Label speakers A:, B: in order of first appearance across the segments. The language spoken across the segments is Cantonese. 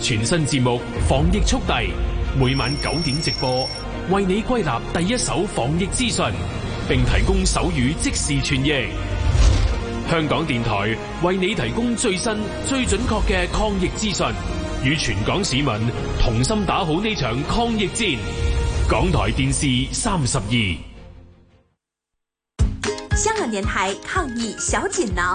A: 全新節目防疫速遞，每晚九點直播，為你歸納第一手防疫資訊，並提供手語即時傳譯。香港電台為你提供最新、最準確嘅抗疫資訊，與全港市民同心打好呢場抗疫戰。港台電視三十二，
B: 香港電台抗疫小錦囊。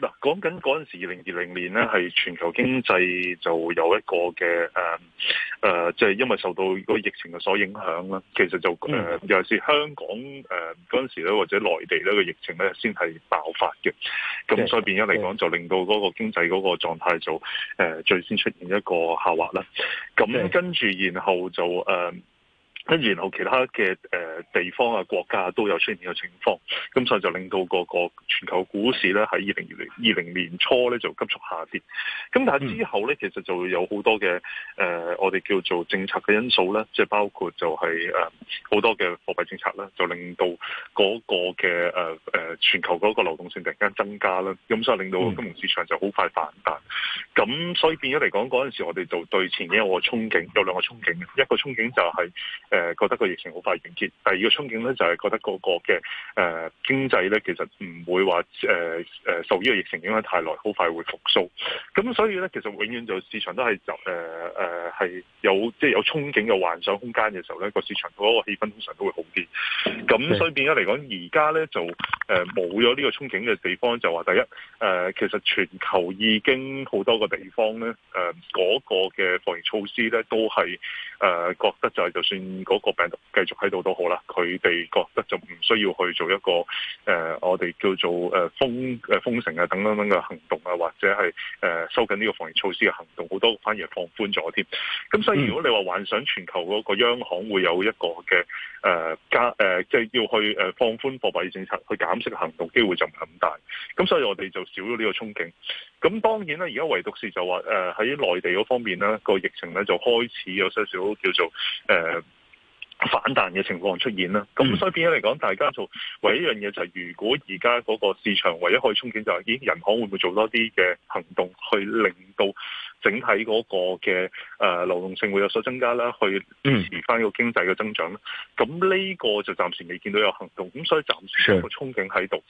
C: 嗱，講緊嗰陣時2020，二零二零年咧，係全球經濟就有一個嘅誒，即係因為受到嗰個疫情嘅所影響啦。其實就誒、呃，尤其是香港誒，嗰陣時咧，或者內地咧個疫情咧，先係爆發嘅。咁所以變咗嚟講，就令到嗰個經濟嗰個狀態就誒、呃、最先出現一個下滑啦。咁跟住，然後就誒。呃跟住，然後其他嘅誒地方啊、呃、國家都有出現呢個情況，咁所以就令到個個全球股市咧，喺二零二零二零年初咧就急速下跌。咁但係之後咧，其實就會有好多嘅誒、呃，我哋叫做政策嘅因素咧，即、就、係、是、包括就係誒好多嘅貨幣政策啦，就令到嗰個嘅誒誒全球嗰個流動性突然間增加啦，咁所以令到金融市場就好快反彈。咁所以變咗嚟講，嗰陣時候我哋就對前景有個憧憬，有兩個憧憬嘅，一個憧憬就係、是。誒覺得個疫情好快完結，第二個憧憬咧就係覺得個個嘅誒經濟咧，其實唔會話誒誒受呢個疫情影響太耐，好快會復甦。咁所以咧，其實永遠就市場都係就誒誒係有即係有憧憬嘅幻想空間嘅時候咧，個市場嗰個氣氛通常都會好啲。咁所以變咗嚟講，而家咧就誒冇咗呢個憧憬嘅地方，就話第一誒其實全球已經好多個地方咧，誒、那、嗰個嘅防疫措施咧都係誒覺得就係就算。嗰個病毒繼續喺度都好啦，佢哋覺得就唔需要去做一個誒、呃，我哋叫做誒封誒封城啊，等等嘅行動啊，或者係誒、呃、收緊呢個防疫措施嘅行動，好多反而係放寬咗添。咁所以如果你話幻想全球嗰個央行會有一個嘅誒、呃、加誒，即、呃、係、就是、要去誒放寬貨幣政策去減息嘅行動，機會就唔係咁大。咁所以我哋就少咗呢個憧憬。咁當然啦，而家唯獨是就話誒喺內地嗰方面咧，個疫情咧就開始有些少叫做誒、呃反彈嘅情況出現啦，咁所以變咗嚟講，大家做唯一一樣嘢就係，如果而家嗰個市場唯一可以憧憬就係，依人行會唔會做多啲嘅行動去令到，整體嗰個嘅誒、呃、流動性會有所增加啦，去支持翻個經濟嘅增長啦。咁呢個就暫時未見到有行動，咁所以暫時有個憧憬喺度。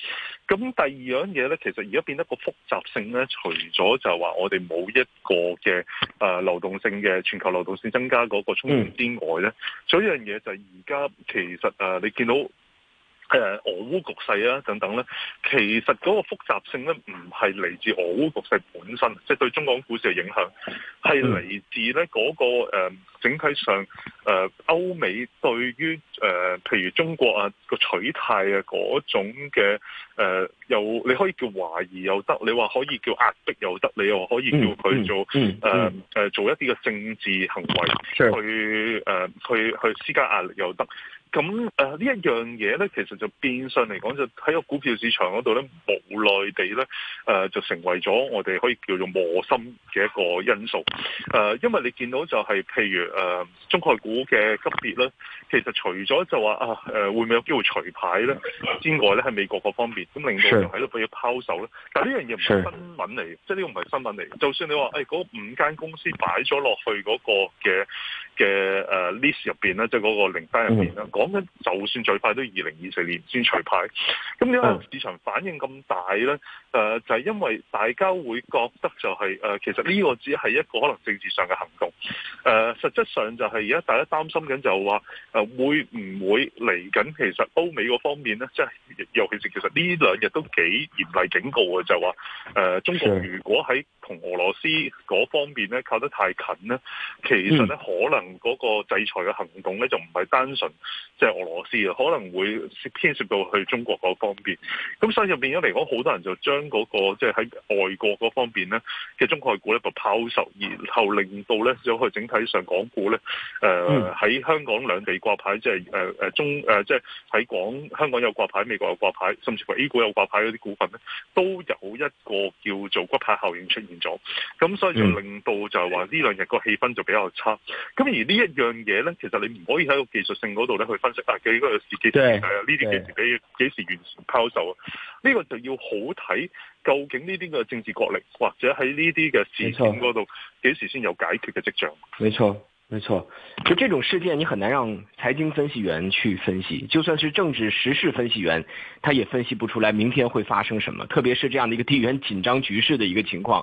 C: 咁第二樣嘢咧，其實而家變得一個複雜性咧，除咗就話我哋冇一個嘅誒、呃、流動性嘅全球流動性增加嗰個衝動之外咧，仲有、嗯、一樣嘢就係而家其實誒、呃、你見到。誒、呃、俄烏局勢啊等等咧，其實嗰個複雜性咧，唔係嚟自俄烏局勢本身，即、就、係、是、對中港股市嘅影響，係嚟自咧嗰、那個、呃整體上，誒、呃、歐美對於誒、呃、譬如中國啊個取態啊嗰種嘅誒，又、呃、你可以叫懷疑又得，你話可以叫壓迫又得，你又可以叫佢做誒、嗯呃、做一啲嘅政治行為、嗯嗯、去誒、呃、去去施加壓力又得。咁誒呢一樣嘢咧，其實就變相嚟講，就喺個股票市場嗰度咧，無奈地咧誒、呃、就成為咗我哋可以叫做磨心嘅一個因素。誒、呃，因為你見到就係、是、譬如。誒、呃、中概股嘅急跌咧，其實除咗就話啊誒、呃、會唔會有機會除牌咧之外咧，喺的、呃、美國各方面咁令到人喺度譬如拋售咧，但係呢樣嘢唔係新聞嚟嘅，即係呢個唔係新聞嚟。就算你話誒嗰五間公司擺咗落去嗰個嘅嘅誒 list 入邊咧，即係嗰個名單入邊咧，講緊、嗯、就算最快都二零二四年先除牌。咁點解市場反應咁大咧？誒、呃、就係、是、因為大家會覺得就係、是、誒、呃、其實呢個只係一個可能政治上嘅行動，誒、呃、實一上就係而家大家擔心緊就係話，誒會唔會嚟緊？其實歐美嗰方面咧，即係尤其是其實呢兩日都幾嚴厲警告嘅，就話誒、呃、中國如果喺同俄羅斯嗰方面咧靠得太近咧，其實咧可能嗰個制裁嘅行動咧就唔係單純即係俄羅斯嘅，可能會牽涉到去中國嗰方面。咁所以入變咗嚟講，好多人就將嗰、那個即係喺外國嗰方面，咧嘅中概股咧就拋售，然後令到咧就去整體上港股咧，誒、呃、喺香港兩地掛牌，即係誒誒中誒即係喺港香港有掛牌，美國有掛牌，甚至乎 A 股有掛牌嗰啲股份咧，都有一個叫做骨牌效應出現。咁、嗯、所以就令到就話呢兩日個氣氛就比較差。咁而一呢一樣嘢咧，其實你唔可以喺個技術性嗰度咧去分析啊幾多事市跌咗啊呢啲幾時幾幾對時，時完全拋售啊？呢、呢個就要好睇究竟呢啲嘅政治角力或者喺呢啲嘅事件嗰度幾時先有解決嘅跡象？
D: 冇錯，冇錯。就這種事件，你很難讓財經分析員去分析，就算是政治時事分析員，他也分析不出來明天會發生什麼。特別是這樣的一個地緣緊張局勢的一個情況。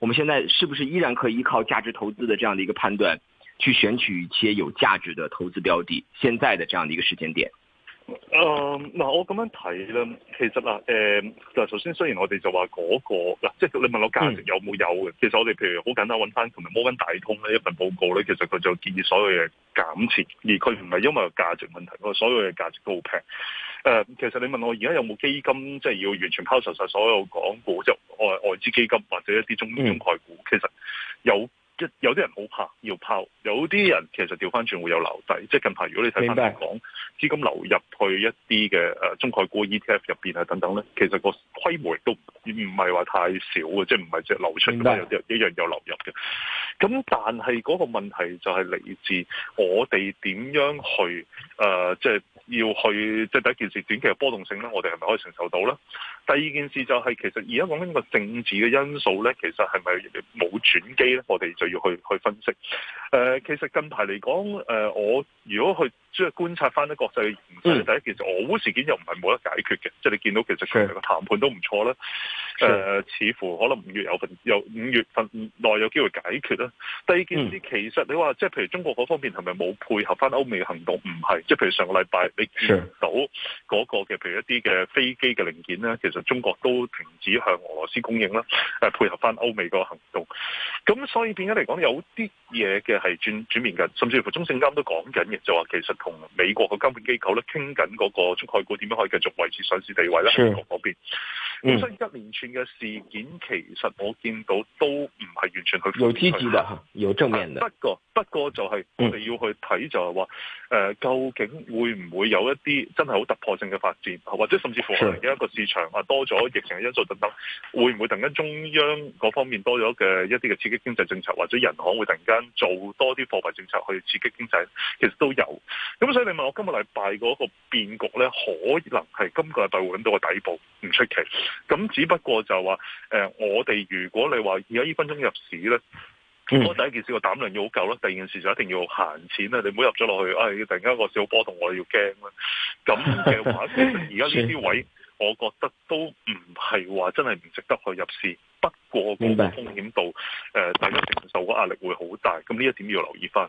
D: 我們現在是不是依然可以依靠價值投資的這樣的一個判斷，去選取一些有價值的投資標的？現在的這樣的一個時間點，
C: 誒，嗱，我咁樣睇咧，其實啊，誒、呃，嗱，首先雖然我哋就話嗰、那個嗱，即係你問我價值有冇有嘅，嗯、其實我哋譬如好簡單揾翻同埋摩根大通呢一份報告咧，其實佢就建議所有嘅減持，而佢唔係因為價值問題，因所有嘅價值都好平。誒、呃，其實你問我而家有冇基金，即、就、係、是、要完全拋售晒所有港股，即、就是、外外資基金或者一啲中、嗯、中概股，其實有一有啲人好怕，要拋；有啲人，人其實調翻轉會有留底。即係近排如果你睇翻嚟講，資白金流入去一啲嘅誒中概股 ETF 入邊啊等等咧，其實個規模亦都唔係，係話太少嘅，即係唔係流出咁白一樣有流入嘅。咁但係嗰個問題就係嚟自我哋點樣去誒，即、呃、係。就是要去即係第一件事，短期嘅波動性咧，我哋係咪可以承受到咧？第二件事就係其實而家講緊個政治嘅因素咧，其實係咪冇轉機咧？我哋就要去去分析。誒、呃，其實近排嚟講，誒、呃，我如果去。即係觀察翻啲國際嘅形勢，第一件事，俄烏事件又唔係冇得解決嘅，嗯、即係你見到其實佢哋嘅談判都唔錯啦。誒是、呃，似乎可能五月有份，有五月份內有機會解決啦。第二件事，嗯、其實你話即係譬如中國嗰方面係咪冇配合翻歐美嘅行動？唔係，即係譬如上個禮拜你見到嗰個嘅譬是如一啲嘅飛機嘅零件咧，其實中國都停止向俄羅斯供應啦，誒、呃、配合翻歐美個行動。咁所以變咗嚟講，有啲嘢嘅係轉轉變緊，甚至乎中證監都講緊嘅，就話其實。同美國嘅監管機構咧傾緊嗰個中概股點樣可以繼續維持上市地位呢，是美國嗰邊本、嗯、所以一連串嘅事件，其實我見到都唔係完全去負面，有積極
D: 有正面、啊、不
C: 過不過就係我哋要去睇就係話、呃、究竟會唔會有一啲真係好突破性嘅發展，或者甚至乎可能有一個市場啊多咗疫情嘅因素等等，會唔會突然間中央嗰方面多咗嘅一啲嘅刺激經濟政策，或者人行會突然間做多啲貨幣政策去刺激經濟？其實都有。咁所以你問我今個禮拜嗰個變局咧，可能係今個禮拜會揾到個底部，唔出奇。咁只不過就話、呃、我哋如果你話而家呢分鐘入市咧，嗯、第一件事、這個膽量要好夠啦，第二件事就一定要閒錢咧。你唔好入咗落去，誒、哎，突然間個市好波動，我哋要驚啦。咁嘅話，而家呢啲位，我覺得都唔係話真係唔值得去入市。不過個風險度白、呃、大家承受嘅壓力會好大。咁呢一點要留意翻。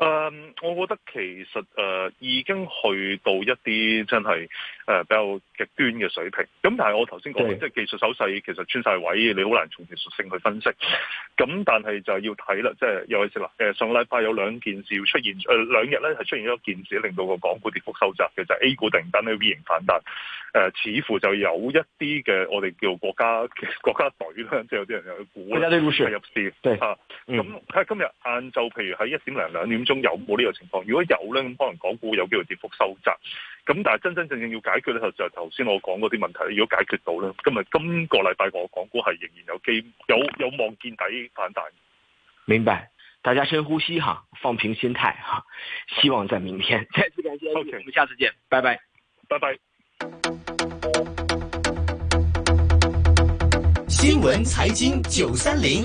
C: 誒，um, 我覺得其實誒、呃、已經去到一啲真係誒、呃、比較極端嘅水平。咁但係我頭先講，對即係技術手勢其實穿晒位，你好難從技術性去分析。咁但係就要睇啦，即係有意思啦。上個禮拜有兩件事出現，誒、呃、兩日咧係出現咗一件事，令到個港股跌幅收窄嘅就係 A 股突然間 V 型反彈。誒、呃、似乎就有一啲嘅我哋叫國家嘅國家隊啦，即係有啲人去股入市。咁今日晏晝，譬如喺一點零兩點，中有冇呢個情況？如果有呢，咁可能港股有機會跌幅收窄。咁但係真真正正要解決咧，就就係頭先我講嗰啲問題。如果解決到咧，今日今個禮拜我的港股係仍然有機有有望見底反彈。
D: 明白，大家深呼吸一下，放平心態吓，希望在明天。再次感謝阿李，我們下次見，拜拜，拜拜 bye。
E: 新聞財經九三零。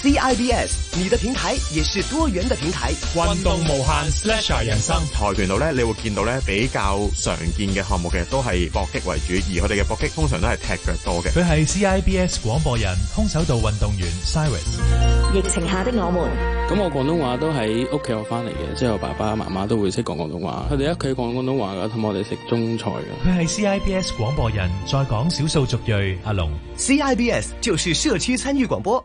E: CIBS，你的平台也是多元的平台。運動無限，slash
F: 人生。跆拳道咧，你會見到咧比較常見嘅項目嘅都係搏擊為主，而佢哋嘅搏擊通常都係
A: 踢腳多嘅。佢係 CIBS 廣播人，空手道運動員。Cyrus，疫情
G: 下的我們。
A: 咁我廣東話都喺屋企學返嚟嘅，即係我爸爸媽媽都會識講廣東話，佢哋屋企講廣東話噶，同我哋食中菜噶。
F: 佢係 CIBS 廣播人，再講少數族裔。阿龍，CIBS 就是社區參與廣播。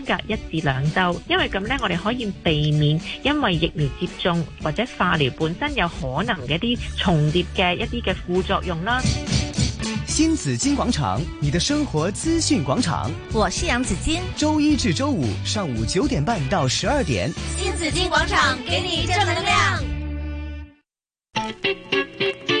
H: 隔一至兩周，因為咁呢，我哋可以避免因為疫苗接種或者化療本身有可能嘅一啲重疊嘅一啲嘅副作用啦。新
E: 紫荊廣場，你的生活資訊廣場，
H: 我係楊子矜，周一至周五
E: 上午九點半到十二點，
B: 新紫荊廣場給你正能量。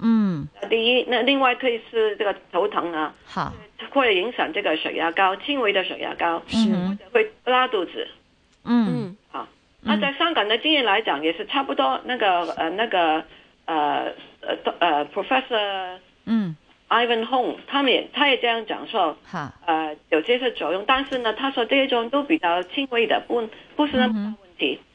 I: 嗯，第一，那另外可以是這個頭疼啊，哈好會影響這個血壓高，輕微的血壓高，嗯是，或者會拉肚子，嗯，好嗯啊，那在香港的經驗來講也是差不多，那個呃那個，呃呃 Professor
J: 嗯
I: ，Ivan Hong，他們也，他也這樣講說，哈好，呃，有這些作用，但是呢，他說這些都比較輕微的，不，不是那麼大問題。嗯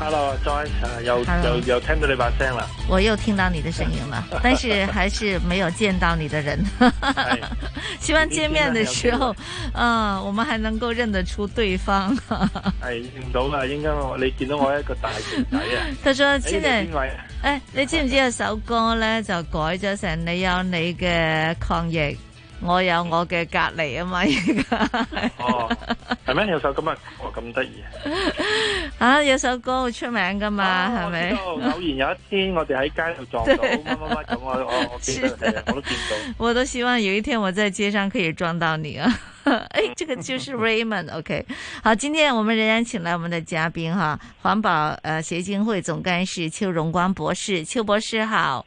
K: hello，Joy，uh, Hello. 又又又聽到你把聲啦！
H: 我又聽到你的聲音啦， 但是還是沒有見到你的人，希 望是見面的時候，嗯，我們還能夠認得出對方。係 認、哎、到啦，應該我你見到我一個大年仔啊！佢先千玲，誒、哎，你，哎、問你知唔知有首歌咧就改咗成你有你嘅抗疫？我有我嘅隔離啊嘛，而家哦
K: Raymond 有首歌咁得
H: 意啊！啊，有首歌好出名噶嘛，係咪？啊？偶然有一天我哋喺街度撞到，乜乜乜咁，
K: 我我記得我，的的我都見
H: 到。我都希望有一天我在街上可以撞到你啊！誒、 哎，這個就是 Raymond，OK、 okay。好，今天我們仍然請來我們的嘉賓哈，環保呃協進會總幹事邱榮光博士，邱博士好。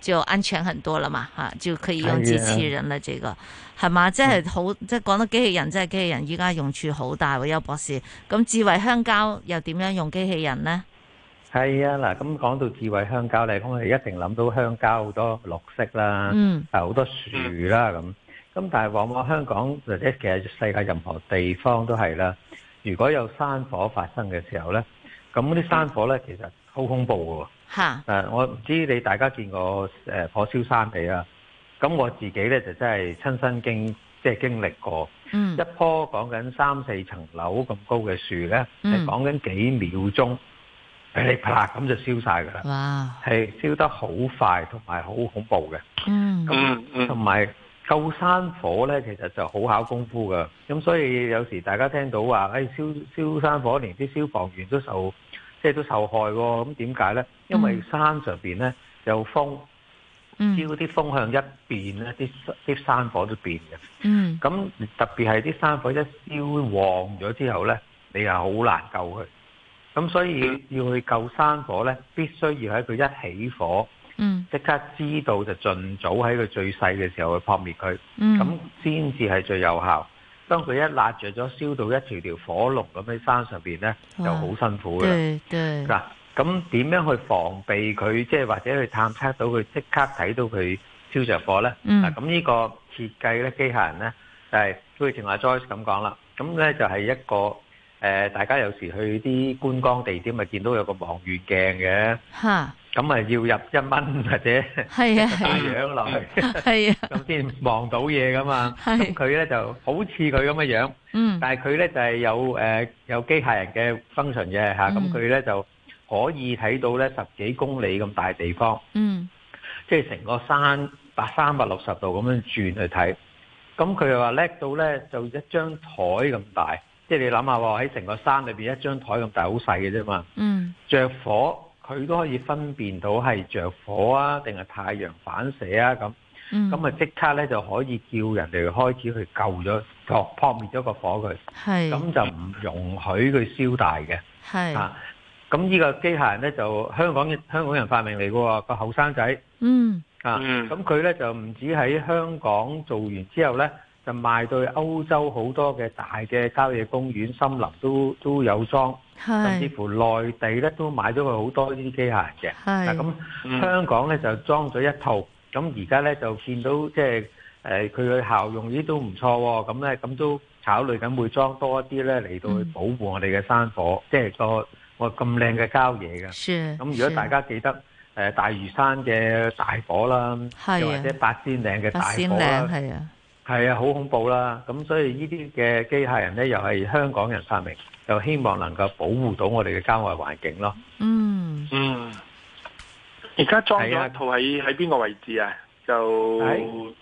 H: 就安全很多啦嘛，吓，就可以用機器人啦，這個係嘛？即係好，即係講到機器人，即係機器人依家用處好大喎，邱博士。咁智慧香港又點樣用機器人呢？
L: 係啊，嗱，咁講到智慧香港，你可能一定諗到香港好多綠色啦，嗯，好多樹啦，咁，咁但係往往香港或者其實世界任何地方都係啦。如果有山火發生嘅時候咧，咁啲山火咧其實好恐怖噶。嚇！誒哈，uh, 我唔知你大家見過誒、呃、火燒山地啦、啊。咁我自己咧就真係親身經即係經歷過。嗯，一棵講緊三四層樓咁高嘅樹咧，係講緊幾秒鐘，噼里、嗯、啪啦咁就燒晒㗎啦。哇！係燒得好快，同埋好恐怖嘅。嗯，咁同埋救山火咧，其實就好考功夫㗎。咁所以有時大家聽到話，誒、哎、燒燒山火，連啲消防員都受。即係都受害喎，咁點解呢？因為山上邊呢，有風，嗯、只要啲風向一變呢，啲啲山火都變嘅。嗯，咁特別係啲山火一燒旺咗之後呢，你又好難救佢。咁所以要去救山火呢，必須要喺佢一起火，嗯，即刻知道就盡早喺佢最細嘅時候去撲滅佢，咁先至係最有效。當佢一辣著咗，燒到一條條火龍咁喺山上邊咧，就好辛苦嘅。嗱，咁點樣去防備佢？即係或者去探測到佢，即刻睇到佢燒著火咧？嗱，咁呢個設計咧，機械人咧，都係好似阿 Joyce 咁講啦。咁咧就係一個誒，大家有時去啲觀光地點咪見到有個望遠鏡嘅。嚇！咁咪要入一蚊或者，咁樣落去，咁先望到嘢噶嘛？咁佢咧就好似佢咁嘅樣，但係佢咧就係有誒有機械人嘅 function 嘅嚇，咁佢咧就可以睇到咧十幾公里咁大地方，即係成個山百三百六十度咁樣轉去睇。咁佢又話叻到咧，就一張台咁大，即係你諗下喎，喺成個山裏邊一張台咁大，好細嘅啫嘛。著火。佢都可以分辨到係着火啊，定係太陽反射啊咁，咁啊即刻咧就可以叫人哋開始去救咗撲撲滅咗個火佢，咁是就唔容許佢燒大嘅。係是啊，咁呢個機械人咧就香港香港人發明嚟嘅喎，嗰個後生仔。嗯啊，咁佢咧就唔止喺香港做完之後咧。就賣到去歐洲好多嘅大嘅郊野公園、森林都都有裝，甚至乎內地咧都買咗佢好多呢啲機械嘅。嗱咁香港咧就裝咗一套，咁而家咧就見到即係誒佢嘅效用呢都唔錯喎。咁咧咁都考慮緊會裝多一啲咧嚟到去保護我哋嘅山火，即係個我咁靚嘅郊野嘅。咁如果大家記得誒大嶼山嘅大火啦，又或者八仙嶺嘅大火啦。係啊，好恐怖啦！咁所以呢啲嘅機械人咧，又係香港人發明，又希望能夠保護到我哋嘅郊外環境咯。嗯嗯，而家裝咗一
K: 套喺喺邊個位置啊？就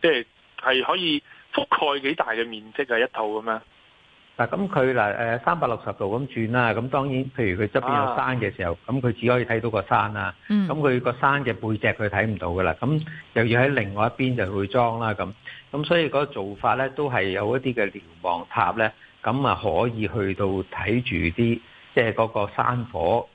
K: 即係係可以覆蓋幾大嘅面積啊？一套咁啊。
L: 嗱，咁佢嗱誒三百六十度咁轉啦。咁當然，譬如佢側邊有山嘅時候，咁佢只可以睇到個山啦。嗯。咁佢個山嘅背脊，佢睇唔到噶啦。咁又要喺另外一邊就去裝啦。咁。咁所以嗰個做法咧，都係有一啲嘅瞭望塔咧，咁啊可以去到睇住啲，即係嗰個山火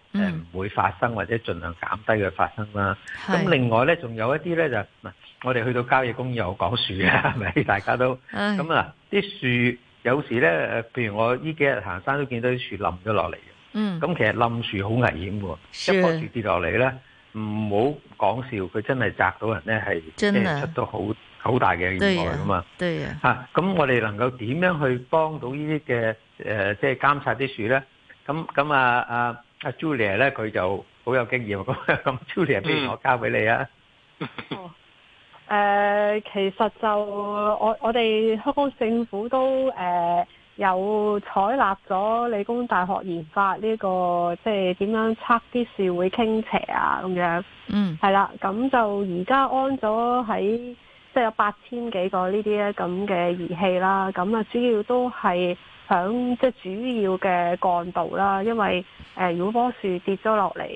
L: 唔會發生、嗯、或者盡量減低嘅發生啦。咁的另外咧，仲有一啲咧就，嗱，我哋去到郊野公園又講樹啊，係咪？大家都咁啊，啲樹、嗯、有時咧，誒，譬如我呢幾日行山都見到啲樹冧咗落嚟。嗯。咁其實冧樹好危險喎，的一棵樹跌落嚟咧，唔好講笑，佢真係砸到人咧係即係出到好，好大嘅意外啊
J: 嘛
L: 嚇！咁我哋能夠點樣去幫到呢啲嘅誒，即係監察啲樹咧？咁咁啊啊啊 Julia 咧，佢就好有經驗咁。Julia 俾我交俾你啊！哦，
M: 誒，其實就我我哋香港政府都誒有採納咗理工大學研發呢個，即係點樣測啲樹會傾斜啊咁樣，嗯，係啦。咁就而家安咗喺。即係有八千幾個呢啲咁嘅儀器啦，咁啊主要都係響即係主要嘅幹道啦，因為誒如果樖樹跌咗落嚟，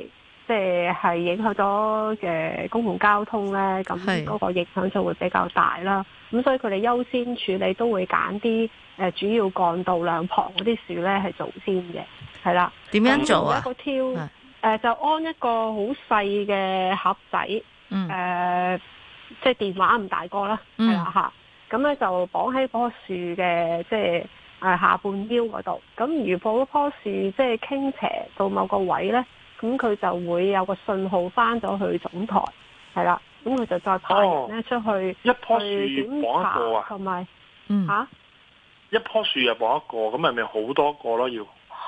M: 即係影響咗嘅公共交通呢，咁嗰個影響就會比較大啦。咁是所以佢哋優先處理都會揀啲誒主要幹道兩旁嗰啲樹呢係做先嘅，係啦。點樣做啊？有一個挑是、呃、就安一個好細嘅盒仔，誒、嗯。呃即係電話唔大個啦，係啦吓，咁咧就綁喺棵樹嘅即係誒下半腰嗰度。咁如果棵樹即係傾斜到某個位咧，咁佢就會有個信號返咗去總台，係啦。咁佢就再派人咧出去、哦、一棵樹綁一個啊，同埋吓
K: 一棵樹又綁一個，咁係咪好多個咯？要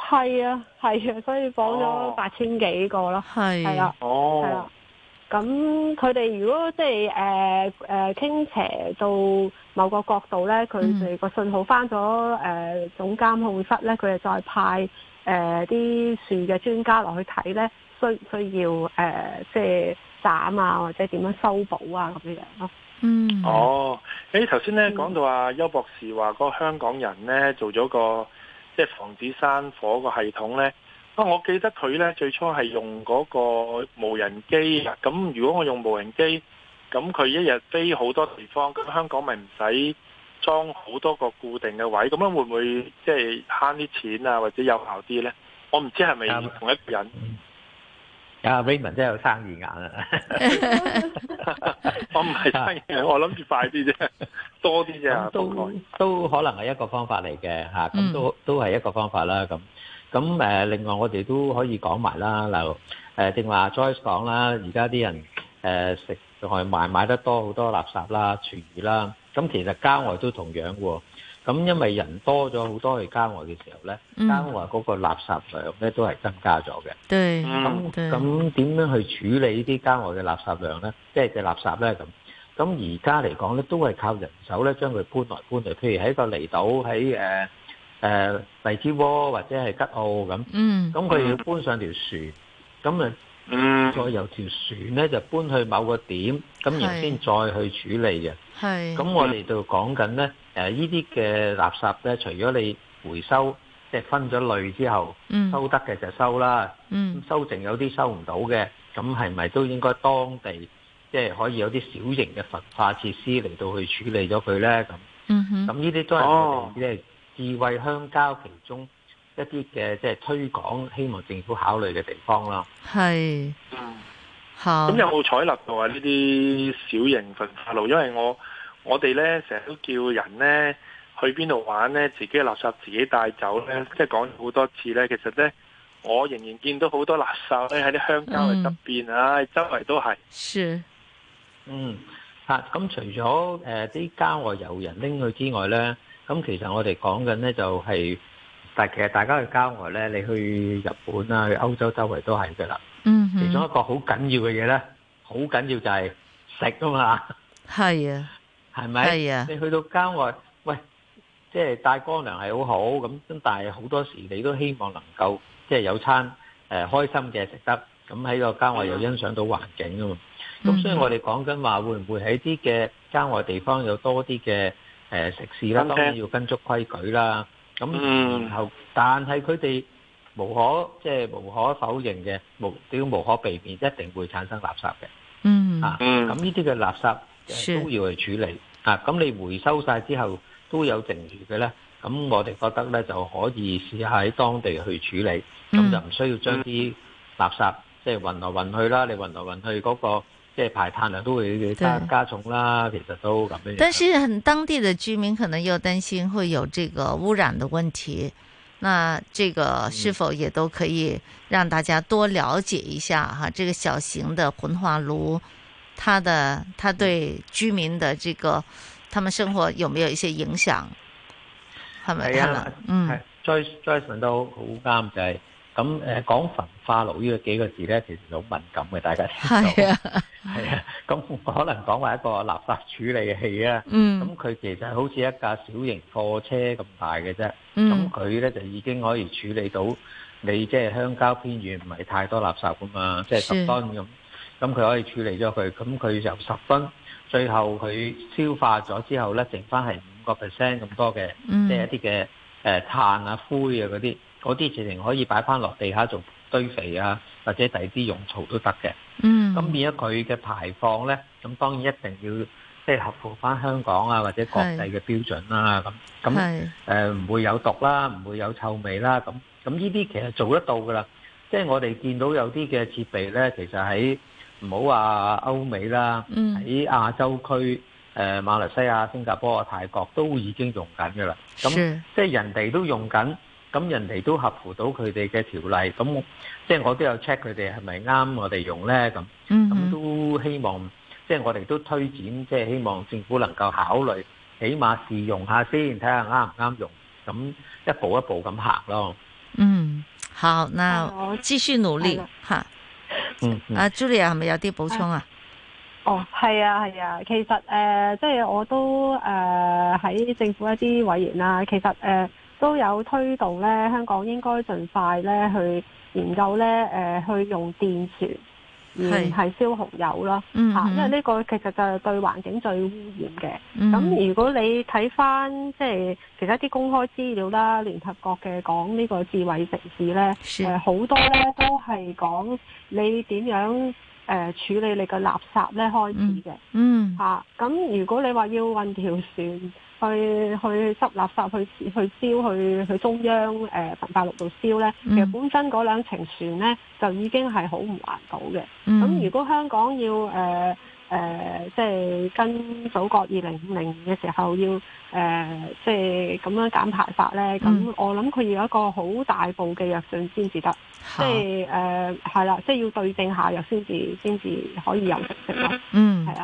M: 係啊，係啊，所以綁咗八千幾個咯，係啦，係啦的。哦咁佢哋如果即係誒傾斜到某個角度呢，佢哋個信號翻咗誒總監控室呢，佢哋再派誒啲、啊、樹嘅專家落去睇呢，需唔需要誒即係斬啊，或者點樣修補啊咁樣咯？
K: 嗯，哦，誒頭先呢講到啊，邱博士話嗰個香港人呢做咗個即係、就是、防止山火個系統呢。我記得佢呢最初係用嗰個無人機。咁如果我用無人機，咁佢一日飛好多地方，咁香港咪唔使裝好多個固定嘅位？咁樣會唔會即係慳啲錢啊，或者有效啲呢？我唔知係咪同一個人。
L: 啊，Raymond 真係有生意眼啊！ 我唔係生意 我諗住快啲啫，多啲啫、嗯括。都可能係一個方法嚟嘅嚇，咁、啊嗯、都都係一個方法啦咁。咁誒，另外我哋都可以講埋啦，就誒正話 Joyce 講啦，而家啲人誒食外賣買得多好多垃圾啦、廚餘啦，咁其實郊外都同樣喎。咁因為人多咗好多，去郊外嘅時候咧，郊外嗰個垃圾量咧都係增加咗嘅。對，咁咁點樣去處理呢啲郊外嘅垃圾量咧？即係嘅垃圾咧咁。咁而家嚟講咧，都係靠人手咧將佢搬來搬去，譬如喺個離島喺誒。誒、呃、荔枝窩或者係吉澳咁，咁佢、嗯、要搬上條船，咁啊、嗯，再由條船咧就搬去某個點，咁是然先再去處理嘅。係，
J: 咁我哋
L: 就講緊咧，誒、呢啲嘅垃圾咧，除咗你回收，即、就、係、是、分咗類之後，嗯、收得嘅就收啦。嗯，收剩有啲收唔到嘅，咁係咪都應該當地，即、就、係、是、可以有啲小型嘅焚化設施嚟到去處理咗佢咧？咁，嗯哼，咁呢啲都係智慧鄉郊其中一啲嘅即係推廣，希望政府考慮嘅地方啦。
H: 係，
L: 嗯，嚇。咁有冇採納嘅話呢啲小型焚化爐？因為我
K: 我哋咧成日都叫人咧去邊度玩咧，自己嘅垃圾自己帶走咧，即係講好多次咧。其實咧，我仍然見到好多垃圾喺喺啲鄉郊嘅側邊啊，嗯、周圍都係。是嗯，
L: 嚇、啊。咁除咗誒啲郊外遊人拎去之外咧？咁其實我哋講緊呢就係，但係其實大家去郊外呢，你去日本啊、去歐洲周圍都係嘅啦。嗯
H: 哼。其中一
L: 個好緊要嘅嘢呢，好緊要就係食啊嘛。
H: 係啊，
L: 係咪？係啊。你去到郊外，喂，即係帶乾糧係好好咁，咁但係好多時你都希望能夠即係有餐誒開心嘅食得，咁喺個郊外又欣賞到環境啊嘛。咁所以我哋講緊話會唔會喺啲嘅郊外地方有多啲嘅？誒食肆啦，當然要跟足規矩啦。咁然後，但係佢哋無可即係無可否認嘅目標無可避免，一定會產生垃圾嘅。嗯，嚇，咁呢啲嘅垃圾都要去處理啊。咁你回收曬之後都有剩餘嘅咧，咁我哋覺得咧就可以試下喺當地去處理，咁就唔需要將啲垃圾即係運來運去啦，你運來運去嗰個。即係排碳量，都會加加重啦。對其實都咁樣。但是
H: 很當地的居民可能又擔心會有這個污染的問題。那這個是否也都可以讓大家多了解一下哈、啊？嗯、這個小型的焚化爐，它的，、嗯、它，的它對居民的這個他們生活有沒有一些影響？係咪啊，
L: 係，嗯，在好咁講、嗯嗯、焚化爐呢個幾個字咧，其實好敏感嘅，大家知道，係啊，咁、啊、可能講話一個垃圾處理器啊。嗯。咁佢其實好似一架小型貨車咁大嘅啫。咁佢咧就已經可以處理到你即係鄉郊偏遠唔係太多垃圾㗎嘛，即係十噸咁。咁佢是、嗯、可以處理咗佢，咁佢就十噸。最後佢消化咗之後咧，剩翻係五個 percent 咁多嘅，嗯、即係一啲嘅誒碳啊、灰啊嗰啲。嗰啲直情可以擺翻落地下做堆肥啊，或者第二啲用途都得嘅。嗯，咁變咗佢嘅排放呢，咁當然一定要即係合乎翻香港啊或者國際嘅標準啦、啊。咁咁唔會有毒啦，唔會有臭味啦。咁咁呢啲其實做得到㗎啦。即係我哋見到有啲嘅設備呢，其實喺唔好話歐美啦，喺、嗯、亞洲區、呃、馬來西亞、新加坡、泰國都已經用緊㗎啦。咁是即係人哋都用緊。咁人哋都合乎到佢哋嘅條例，咁即係我都有 check 佢哋係咪啱我哋用咧咁，咁、
J: mm hmm. 都
L: 希望即係、就是、我哋都推薦即係希望政府能夠考慮，起碼試用下先，睇下啱唔啱用，咁一步一步
H: 咁行咯。嗯、mm，hmm. 好，嗱我繼續努力嚇。阿 Julia 係咪有啲補充啊？
M: 哦，係啊，係啊，其實誒，即、呃、係、就是、我都誒喺、呃、政府一啲委員啦，其實誒。呃都有推動咧，香港應該盡快咧去研究咧，誒、呃、去用電船，唔係燒紅油咯嚇，mm hmm. 因為呢個其實就係對環境最污染嘅。咁、mm hmm. 如果你睇翻即係其他啲公開資料啦，聯合國嘅講呢個智慧城市咧，誒好是、呃、多咧都係講你點樣誒、呃、處理你嘅垃圾咧開始嘅，嚇咁、mm hmm. 啊、如果你話要運條船，去去執垃圾去去燒去去中央誒焚化爐度燒咧，嗯、其實本身嗰兩程船咧就已經係好唔環保嘅。咁、嗯、如果香港要誒誒、呃呃、即係跟祖國二零五零嘅時候要誒、呃、即係咁樣減排法咧，咁、嗯、我諗佢要一個好大步嘅藥性先至得，即係誒係啦，即係要對症下藥先至先至可以有成績咯。嗯，
H: 係啦。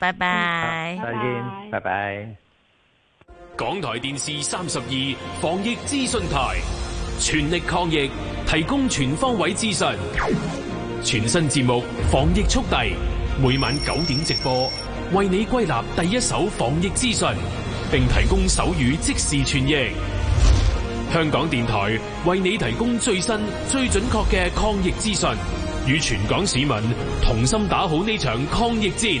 H: 拜拜，再
L: 見，拜拜 bye。
A: 港台電視三十二防疫資訊台，全力抗疫，提供全方位資訊。全新節目《防疫速遞》，每晚九點直播，為你歸納第一手防疫資訊，並提供手語即時傳譯。香港電台為你提供最新、最準確嘅抗疫資訊，與全港市民同心打好呢場抗疫戰。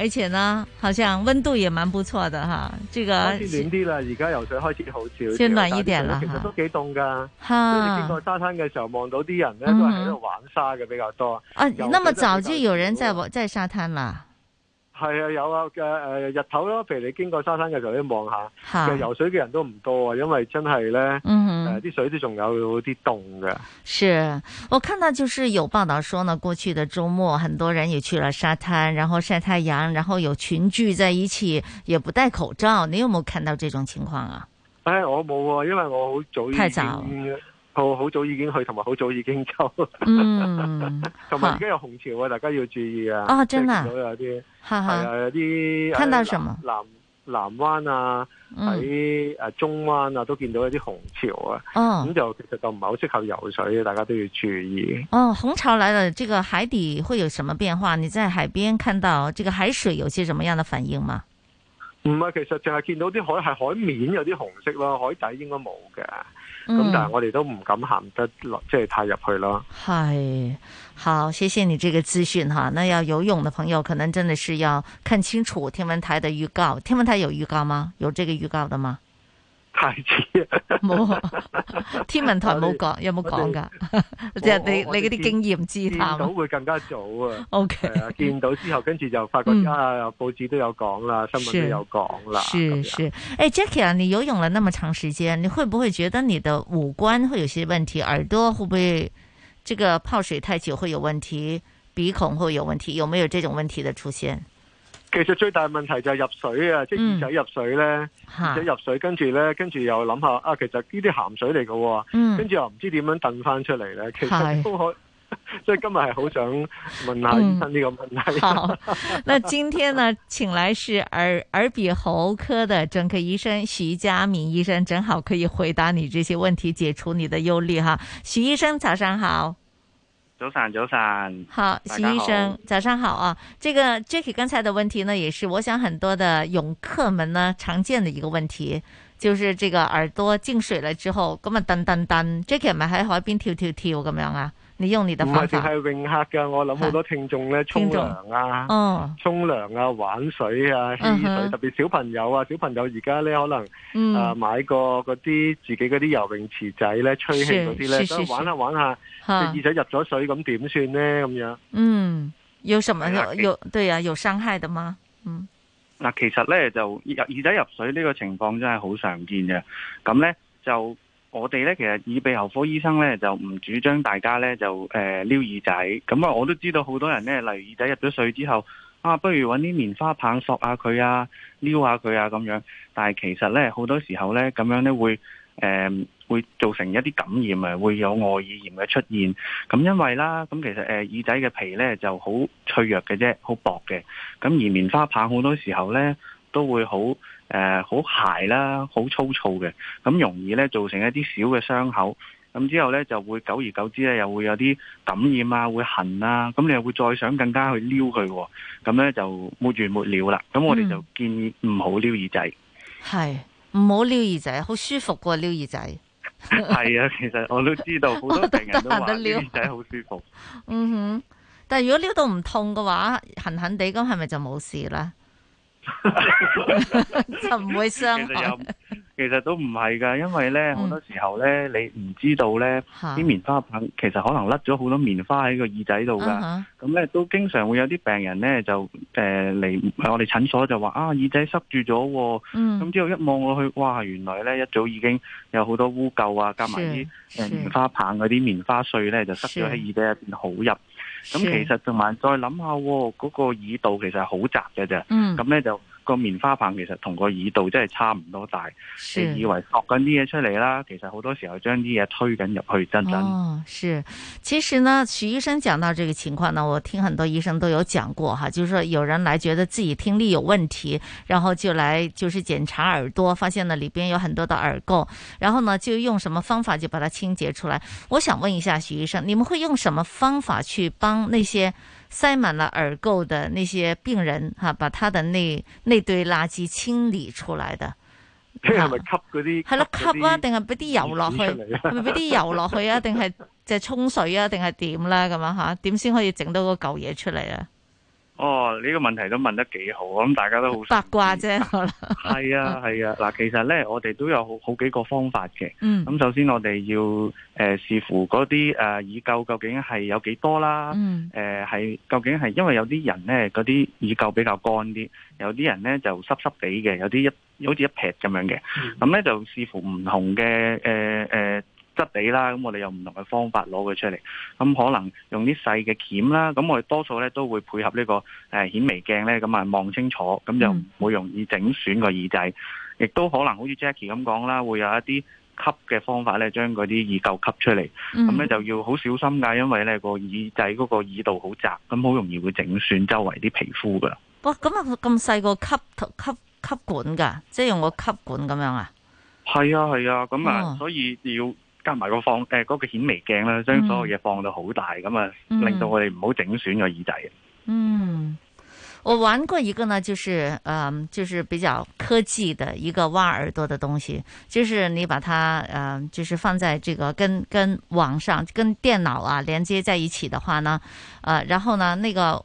H: 而且呢，好像溫度也蠻不錯的哈，這個。開始暖啲
N: 啦，而家游水開始好少。先暖一點了哈。其實都幾凍噶。哈、啊。你經過沙灘嘅時候，望到啲人咧都係喺度玩沙嘅比較多。啊，
H: 啊，那麼早就有人在玩在沙灘啦。
N: 係啊，有啊，誒、呃，日頭咯，譬如你經過沙灘嘅時候，你望下，其實游水嘅人都唔多啊，因為真係咧，誒、嗯哼，啲、呃、水都仲有啲凍㗎。
H: 是我看到就是有報道說呢，過去嘅周末很多人也去了沙灘，然後曬太陽，然後有群聚在一起，也不戴口罩。你有冇看到這種情況啊？
N: 誒、哎，我冇啊，因為我好早太早。好，好早已經去，同埋好早已經走。同埋而家有紅潮啊，哈大家要注意啊。哦，真啊，有啲係有啲。看到什麼？南南、南灣啊，喺誒、嗯啊、中灣啊，都見到有啲紅潮啊。咁、哦、就其實就唔係好適合游水，大家都要注意。
H: 哦，紅潮來了，這個海底會有什麼變化？你在海邊看到這個海水有些什麼樣的反應嗎？
N: 唔係、嗯，其實淨係見到啲海係海面有啲紅色咯，海底應該冇嘅。咁、嗯、但係我哋都唔敢行得落，即係太入去咯。
H: 係，好，謝謝你這個資訊哈。那要游泳的朋友，可能真的是要看清楚天文台的預告。天文台有預告嗎？有這個預告的嗎？
J: 太子啊！冇
H: 啊，天文台冇講，你有冇講噶？即係的 你的你啲經驗之談啊！早自討
N: 會更加早啊！好 Okay，係、啊、見到之後跟住就發覺、嗯、啊，報紙都有講啦，新聞都有講
L: 啦。是樣是，
H: 是，誒，Jackie 啊，Jackie，你游泳了那麼長時間，你會不會覺得你的五官會有些問題？耳朵會不會這個泡水太久會有問題？鼻孔會有問題？有沒有這種問題的出現？
N: 其實最大問題就係入水啊，即耳仔入水咧，嗯、耳仔入水，跟住咧，跟住又諗下啊，其實呢啲鹹水嚟喎，嗯、跟住又唔知點樣燉翻出嚟咧，嗯、其實都可。所以是今日係好想問下醫生呢個問題、嗯。好，
H: 那今天呢，請來是耳耳鼻喉科的專科醫生徐加明醫生，醫生正好可以回答你這些問題，解除你的憂慮哈。徐醫生，早上好。早晨，早晨，好，徐醫生，早上好啊！這個 Jacky 剛才的問題呢，也是我想很多的泳客們呢常見的一個問題，就是這個耳朵進水了之後，咁啊噔噔噔，Jacky 有冇喺海邊跳跳跳咁樣啊？你用你嘅方法唔係
N: 泳客噶，我諗好多聽眾咧沖涼啊，沖涼、哦、啊，玩水啊，嬉水，嗯、哼特別小朋友啊，小朋友而家咧可能、嗯、啊買個嗰啲自己嗰啲游泳池仔咧，吹氣嗰啲咧，咁玩下玩下，只、啊、耳仔入咗水咁點算咧？咁樣嗯，
H: 有什麼有有對、哎、呀？有傷、啊、害的嗎？嗯，
O: 嗱，其實咧就耳耳仔入水呢個情況真係好常見嘅，咁咧就。我哋咧，其實耳鼻喉科醫生咧就唔主張大家咧就誒、呃、撩耳仔。咁、嗯、啊，我都知道好多人咧，例如耳仔入咗水之後，啊，不如搵啲棉花棒索下佢啊，撩下佢啊咁樣。但係其實咧，好多時候咧咁樣咧會誒、呃、會造成一啲感染啊，會有外耳炎嘅出現。咁、嗯、因為啦，咁、嗯、其實誒、呃、耳仔嘅皮咧就好脆弱嘅啫，好薄嘅。咁、嗯、而棉花棒好多時候咧都會好。誒，好鞋啦，好粗糙嘅，咁容易咧造成一啲小嘅傷口，咁之後咧就會久而久之咧又會有啲感染啊，會痕啦、啊，咁你又會再想更加去撩佢、啊，咁咧就沒完沒了啦。咁我哋就建議唔好撩耳仔，
H: 係唔好撩耳仔，好舒服喎、啊。撩耳仔。係
O: 啊，其實我都知道好多病人都話撩耳仔好
H: 舒服。 嗯哼，但係如果撩到唔痛嘅話，痕痕地咁，係咪就冇事咧？
P: 就唔會傷。其實有，
O: 其實都唔係噶，因為咧好、嗯、多時候咧，你唔知道咧，啲、嗯、棉花棒其實可能甩咗好多棉花喺個耳仔度噶。咁咧、啊、哈都經常會有啲病人咧就誒嚟、呃、我哋診所就話啊耳仔塞住咗。咁、嗯、之後一望落去，哇，原來咧一早已經有好多污垢啊，加埋啲誒棉花棒嗰啲棉花碎咧就塞咗喺耳仔入邊好入。咁其實，同埋再諗下，嗰個耳道其實係好窄嘅啫。咁咧、嗯、就。個棉花棒其實同個耳道真係差唔多大，是你以為削緊啲嘢出嚟啦，其實好多時候將啲嘢推緊入去增增，真真，
H: 哦。是，其實呢，徐醫生講到這個情況呢，我聽很多醫生都有講過哈，就是說有人來覺得自己聽力有問題，然後就來就是檢查耳朵，發現了裏邊有很多的耳垢，然後呢就用什麼方法就把它清潔出來。我想問一下徐醫生，你們會用什麼方法去幫那些？塞滿了耳垢的那些病人，啊，把他的那那堆垃圾清理出來的，即係咪吸嗰啲，係咯吸啊，定係俾啲油落去，係咪俾啲油落去啊？定係即係沖水啊？定係點咧？咁樣吓，點先可以整到嗰嚿嘢出嚟啊？
O: 哦，呢、這個問題都問得幾好，我諗大家都好八
H: 卦啫。
O: 係 啊，係啊，嗱，其實呢，我哋都有好好幾個方法嘅。嗯，咁首先我哋要誒、呃、視乎嗰啲誒耳垢究竟係有幾多啦。嗯，誒係、呃、究竟係因為有啲人呢，嗰啲耳垢比較乾啲，有啲人呢，就濕濕哋嘅，有啲一好似一撇咁樣嘅。咁呢、嗯嗯，就視乎唔同嘅誒誒。呃呃質地啦，咁我哋又有唔同嘅方法攞佢出嚟，咁可能用啲細嘅鉗啦，咁我哋多數咧都會配合呢個誒顯微鏡咧，咁啊望清楚，咁就唔會容易整損個耳仔，嗯、亦都可能好似 Jacky 咁講啦，會有一啲吸嘅方法咧，將嗰啲耳垢吸出嚟，咁咧、嗯、就要好小心噶，因為咧個耳仔嗰個耳道好窄，咁好容易會整損周圍啲皮膚噶。
H: 哇，咁啊咁細個吸吸吸管噶，即係用個吸管咁樣啊？
O: 係啊，係啊，
H: 咁啊、嗯、所
O: 以要。加埋個放誒，個顯微鏡啦，將所有嘢放到好大咁啊，嗯、令到我哋唔好整損個耳仔。嗯，
H: 我玩過一個呢，就是，嗯、呃，就是比較科技的一個挖耳朵的東西，就是你把它，嗯、呃，就是放在這個跟跟網上跟電腦啊連接在一起的話呢，呃，然後呢那個。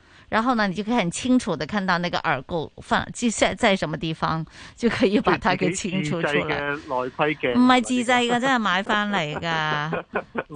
H: 然後呢，你就可以很清楚的看到那個耳垢放即在什麼地方，就可以把它佢清除出來。
N: 唔係自製嘅，真係買翻嚟
H: 噶，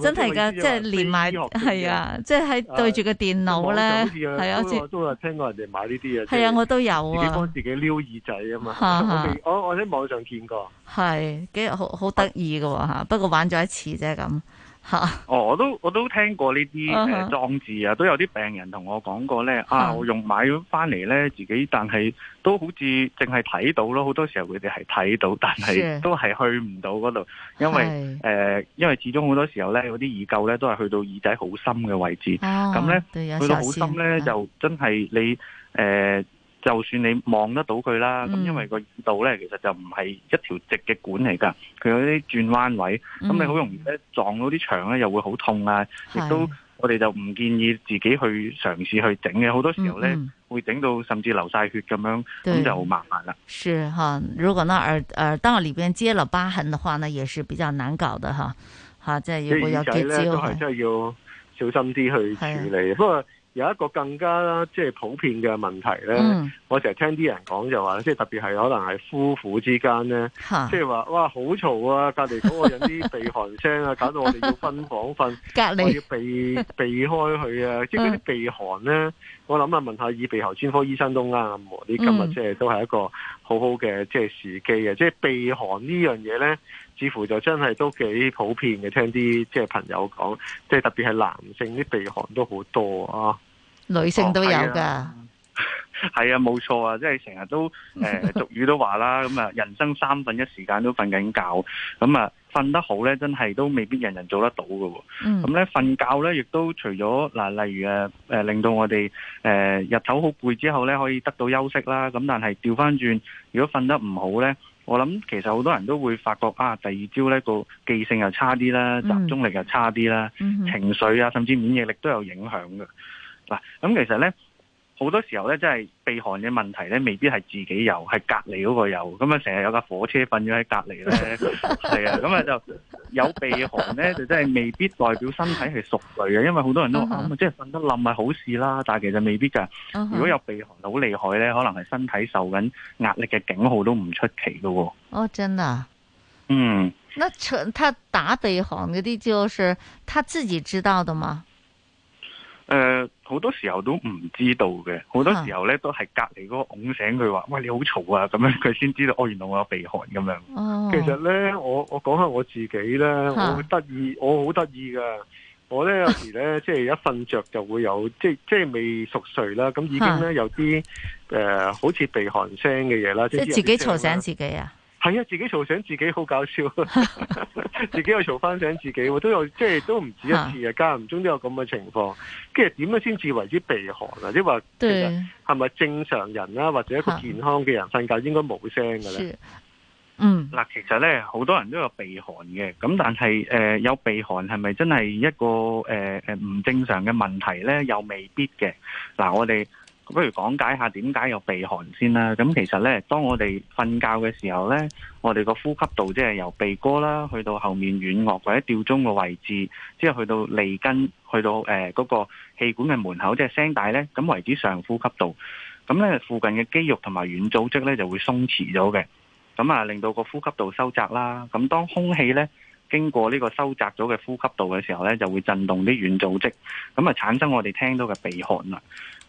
H: 真係噶，即係連埋，係啊，即係喺對住個電腦呢，係好似我都
N: 有聽過人哋買呢啲嘢，係啊，我都有啊，自己幫自己撩耳仔啊
O: 嘛，
N: 我未，我我喺網上見過，
H: 係幾好好得意噶吓，不過玩咗一次啫咁。
O: 哦，我都我都聽過呢啲誒，裝置啊，都有啲病人同我講過咧，uh huh. 啊，我用買咗翻嚟咧，自己但係都好似淨係睇到咯，好多時候佢哋係睇到，但係都係去唔到嗰度，Yeah. 因為誒 Yeah.、呃，因為始終好多時候咧，嗰啲耳垢咧都係去到耳仔好深嘅位置，咁咧去到好深咧、uh huh. 就真係你誒。呃就算你望得到佢啦，咁因為個耳道咧，其實就唔係一條直嘅管嚟㗎，佢、嗯、有啲轉彎位，咁、嗯、你好容易咧撞到啲牆咧，又會好痛啊！亦是都我哋就唔建議自己去嘗試去整嘅，好多時候咧、嗯、會整到甚至流晒血咁樣，咁對就好麻煩啦。
H: 是哈、啊，如果呢耳當道裏邊接了疤痕的話，呢也是比較難搞的哈。好、啊，即係如果要都結，啊、真
N: 係要小心啲去處理。是不過。有一個更加即係、就是、普遍嘅問題咧，嗯、我成日聽啲人講就話，即係特別係可能係夫婦之間咧，即係話哇好嘈啊！隔離嗰個有啲鼻鼾聲啊， 搞到我哋要分房瞓，隔壁我要避避開佢啊！即係啲鼻鼾咧，嗯、我諗啊，問下耳鼻喉專科醫生都啱。啲今日即係都係一個好好嘅即係時機啊。即係鼻鼾呢樣嘢咧，似乎就真係都幾普遍嘅。聽啲即係朋友講，即、就、係、是、特別係男性啲鼻鼾都好多啊！
H: 女性都有噶，
N: 係、哦、啊，冇錯啊，啊，即係成日都誒、呃、俗語
O: 都話啦，咁啊，人生三分一時間都瞓緊覺，咁、呃、啊，瞓得好咧，真係都未必人人做得到噶。咁、呃、咧，瞓、嗯、覺咧，亦都除咗嗱、呃，例如誒誒、呃，令到我哋誒、呃、日頭好攰之後咧，可以得到休息啦。咁但係調翻轉，如果瞓得唔好咧，我諗其實好多人都會發覺啊，第二朝咧個記性又差啲啦，集中力又差啲啦，嗯嗯、情緒啊，甚至免疫力都有影響㗎。嗱，咁其實咧，好多時候咧，真係鼻鼾嘅問題咧，未必係自己有，係隔籬嗰個有。咁啊，成日有架火車瞓咗喺隔籬咧，係啊， 咁啊就有鼻鼾咧，就真係未必代表身體係熟睡嘅，因為好多人都話，咁、嗯哼啊、即係瞓得冧係好事啦，但係其實未必就，嗯、哼如果有鼻鼾好厲害咧，可能係身體受緊壓力嘅警號都唔出奇噶喎。哦，真啊，
H: 嗯，那他打鼻鼾嗰啲就是他自己知道的嗎？
O: 誒，好、呃、多時候都唔知道嘅，好多時候咧都係隔籬嗰個拱醒佢話，喂你好嘈啊，咁樣佢
N: 先知道，哦，原來我有鼻鼾咁樣。哦、其實咧，我我講下我自己啦，我得意哈，我好得意噶。我咧有時咧，即係一瞓着就會有， 即即係未熟睡啦，咁已經咧有啲誒、呃，好似鼻鼾聲嘅嘢啦，即係自己嘈
H: 醒自己啊。
N: 係啊，自己嘈醒自己好搞笑， 自己又嘈翻醒自己，都有即係都唔止一次啊，間唔中都有咁嘅情況。跟住點樣先至為之鼻鼾啊？即係話對其實係咪正常人啦，或者一個健康嘅人瞓、啊、覺應該冇聲噶喇？嗯，嗱，其實咧好多人都有鼻鼾嘅，咁但係誒、
O: 呃、有鼻鼾係咪真係一個誒誒唔正常嘅問題咧？又未必嘅。嗱、呃，我哋。不如講解下點解有鼻鼾先啦。咁其實呢，當我哋瞓覺嘅時候呢，我哋個呼吸道即係由鼻哥啦，去到後面軟腭或者吊鐘個位置，之後去到脷根，去到誒嗰、呃嗰個氣管嘅門口，即係聲帶呢，咁為止上呼吸道。咁呢，附近嘅肌肉同埋軟組織呢就會鬆弛咗嘅，咁啊令到個呼吸道收窄啦。咁當空氣呢經過呢個收窄咗嘅呼吸道嘅時候呢，就會震動啲軟組織，咁啊產生我哋聽到嘅鼻鼾啦。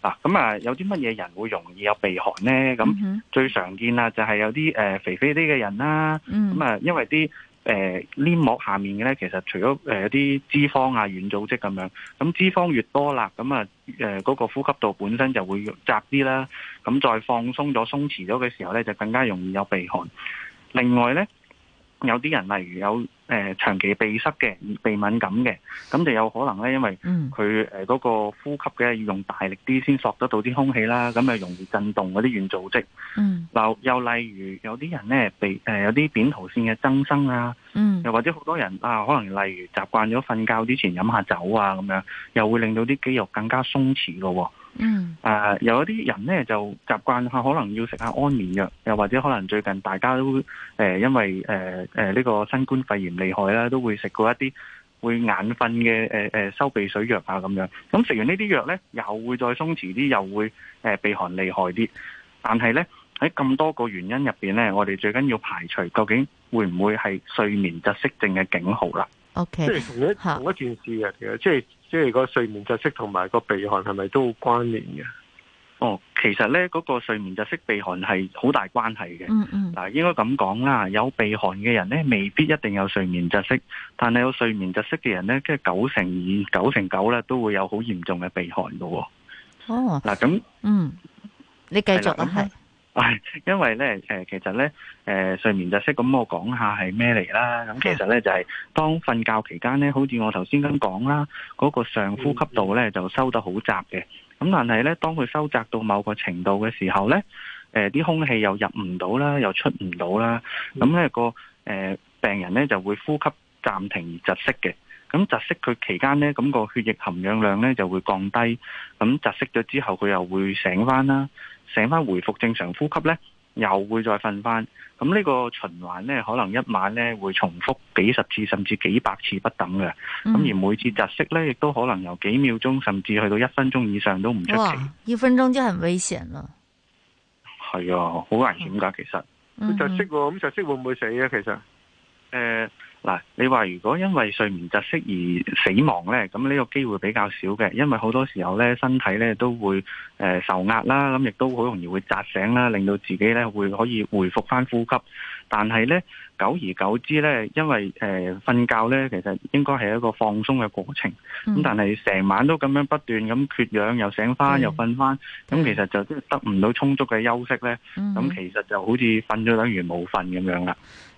O: 嗱，咁啊，有啲乜嘢人會容易有鼻鼾咧？咁、mm hmm. 最常見啦就係有啲誒、呃、肥肥啲嘅人啦。咁啊、mm，hmm. 因為啲誒、呃、黏膜下面嘅咧，其實除咗誒、呃、有啲脂肪啊軟組織咁樣，咁脂肪越多啦，咁啊，誒、呃、嗰、嗰個呼吸道本身就會窄啲啦。咁再放鬆咗鬆弛咗嘅時候咧，就更加容易有鼻鼾。另外咧，有啲人例如有。誒、呃，長期鼻塞嘅鼻敏感嘅，咁就有可能咧，因為佢誒嗰個呼吸嘅要用大力啲先索得到啲空氣啦，咁咪容易震動嗰啲軟組織。嗯，又例如有啲人咧鼻誒有啲扁桃腺嘅增生啊，嗯，又或者好多人啊，可能例如習慣咗瞓覺之前飲下酒啊，咁樣又會令到啲肌肉更加鬆弛咯喎、啊。嗯，誒，uh, 有一啲人咧就習慣下可能要食下安眠藥，又或者可能最近大家都誒、呃，因為誒誒呢個新冠肺炎厲害啦，都會食過一啲會眼瞓嘅誒誒收鼻水藥啊，咁樣。咁、嗯、食完呢啲藥咧，又會再鬆弛啲，又會誒、呃、鼻鼾厲害啲。但係咧，喺咁多個原因入邊咧，我哋最緊要排除究竟會唔會係睡眠窒息症嘅警號啦。
N: O K，即係同一同一件事嘅、嗯、其實，即係。即係個睡眠窒息同埋個鼻鼾係咪都好關聯嘅？哦，其實咧嗰，那個睡眠窒息鼻鼾係好大關係嘅，嗯。
O: 嗯嗯，嗱，應該咁講啦，有鼻鼾嘅人咧，未必一定有睡眠窒息，但係有睡眠窒息嘅人咧，即係九成二、九成九咧，都會有好嚴重嘅鼻鼾嘅。哦，嗱，啊，咁嗯，
H: 你繼續啊，係。
O: 因為咧，誒、呃，其實咧，誒、呃，睡眠窒息，咁我講下係咩嚟
Q: 啦。咁其實咧就
O: 係、是、當瞓覺期間咧，好似我頭先咁講啦，嗰、那個上呼吸道咧就收得好窄嘅。咁但係咧，當佢收窄到某個程度嘅時候咧，誒、呃，啲空氣又入唔到啦，又出唔到啦。咁咧、那個誒、呃、病人咧就會呼吸暫停而窒息嘅。咁窒息佢期間咧，咁、那個血液含氧量咧就會降低。咁窒息咗之後，佢又會醒翻啦。醒翻回，回復正常呼吸呢，又會再瞓翻，咁呢個循環呢，可能一晚呢會重複幾十次甚至幾百次不等嘅，咁、嗯、而每次窒息呢，亦都可能由幾秒鐘甚至去到一分鐘以上都唔出奇。哇，
H: 一分鐘就很危險啦。
O: 係啊，好危險噶，其實窒、嗯、哼息咁、哦、窒息會唔會死啊？其實，誒、呃。嗱，你話如果因為睡眠窒息而死亡呢，咁呢個機會比較少嘅，因為好多時候呢，身體呢都會誒受壓啦，咁亦都好容易會扎醒啦，令到自己呢會可以回復翻呼吸。但係呢，久而久之呢，因為誒瞓覺呢，其實應該係一個放鬆嘅過程，
J: 咁、mm. 但
O: 係成晚都咁樣不斷咁缺氧，又醒翻又瞓翻，咁、mm. 其實就得唔到充足嘅休息呢。咁、mm. 其實就好似瞓咗等於冇瞓咁樣啦。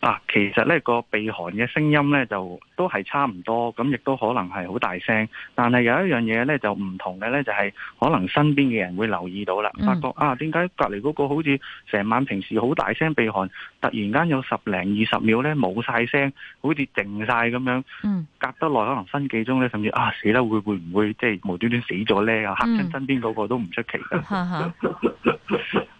O: 啊，其實咧，個鼻鼾嘅聲音咧就都係差唔多，咁亦都可能係好大聲。但係有一樣嘢咧就唔同嘅咧，就係、就是、可能身邊嘅人會留意到啦，嗯、發覺啊，點解隔籬嗰個好似成晚平時好大聲鼻鼾，突然間有十零二十秒咧冇晒聲，好似靜晒咁樣。嗯。隔得耐可能分幾鐘咧，甚至啊死啦，會會唔會即係無端端死咗咧？吓親身邊嗰個都唔出奇。嗯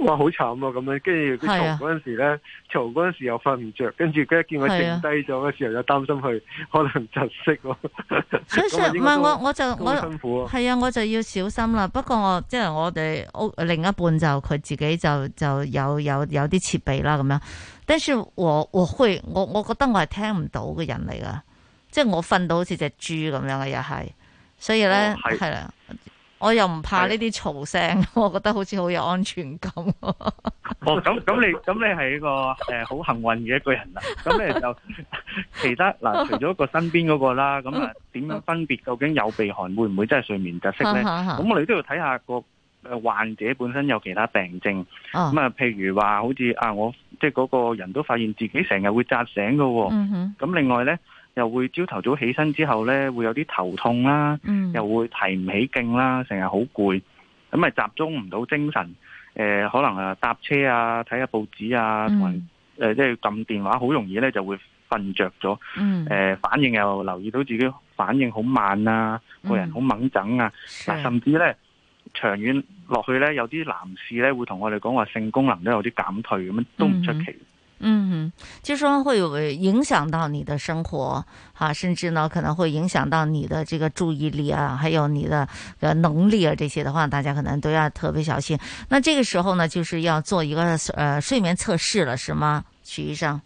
N: 哇好慘啊！咁樣，跟住佢嘈嗰陣時咧，嘈嗰陣時又瞓唔着，跟住佢一見我靜低咗嘅時候，啊、時候又擔、啊、心佢可能窒息咯。所以唔係我，我就辛苦、
H: 啊、我係啊，我就要小心啦。不過我即係、就是、我哋屋另一半就佢自己就就有有有啲設備啦咁樣。但是我我會我我覺得我係聽唔到嘅人嚟噶，即係我瞓到好似隻豬咁樣嘅，又係，所以咧係啦。哦。我又唔怕呢啲嘈聲，是我覺得好似好有安全感、哦。
O: 咁咁、 哦、你咁你係一個誒好、呃、幸運嘅一個人啦。咁你就 其他嗱、啊，除咗個身邊嗰、那個啦，咁啊點 樣分別究竟有鼻鼾會唔會真係睡眠窒息咧？咁 我哋都要睇下個誒患者本身有其他病症。咁啊，譬如話好似啊，我即係嗰個人都發現自己成日會扎醒嘅喎。咁、嗯、哼另外咧。又會朝頭早起身之後咧，會有啲頭痛啦，嗯、又會提唔起勁啦，成日好攰，咁咪集中唔到精神。誒、呃，可能啊搭車啊，睇下報紙啊，同埋、嗯呃、即係撳電話，好容易咧就會瞓着咗、嗯呃。反應又留意到自己反應好慢啊，個人好矇盛啊。嗱、嗯啊，甚至咧長遠落去咧，有啲男士咧會同我哋講話性功能都有啲減退咁樣，都唔出奇。嗯嗯。
H: 嗯哼，就是、說會有影響到你的生活啊，甚至呢，可能會影響到你的這個注意力啊，還有你的呃能力啊，這些的話，大家可能都要特別小心。那這個時候呢，就是要做一個呃睡眠測試了，是嗎，徐醫生？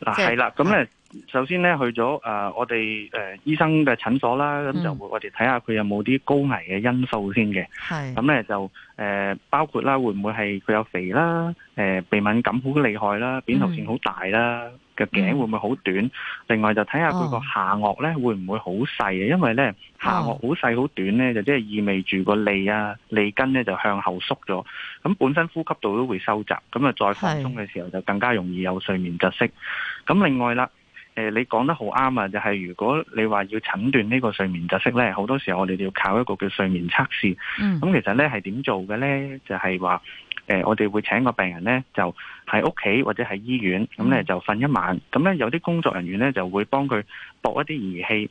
O: 嗱的，係啦的，咁呢，首先呢，去咗誒、呃，我哋誒、呃、醫生嘅診所啦，咁、嗯、就會我哋睇下佢有冇啲高危嘅因素先嘅，係的，咁呢，就。誒、呃，包括啦，會唔會係佢有肥啦？誒、呃，鼻敏感好厲害啦，扁桃腺好大啦，個頸、嗯、會唔會好短？嗯、另外就睇下佢個下顎咧，哦、會唔會好細？因為咧下顎好細好短咧，就即、是、係意味住個脷啊、脷根咧就向後縮咗，咁本身呼吸道都會收窄，咁啊再放鬆嘅時候就更加容易有睡眠窒息。咁是另外啦。你講得好啱啊！就係、是、如果你話要診斷呢個睡眠窒息咧，好多時候我哋要靠一個叫睡眠測試。咁、嗯、其實咧係點做嘅咧？就係、是、話、呃、我哋會請個病人咧，就喺屋企或者喺醫院，咁咧就瞓一晚。咁咧有啲工作人員咧就會幫佢駁一啲儀器，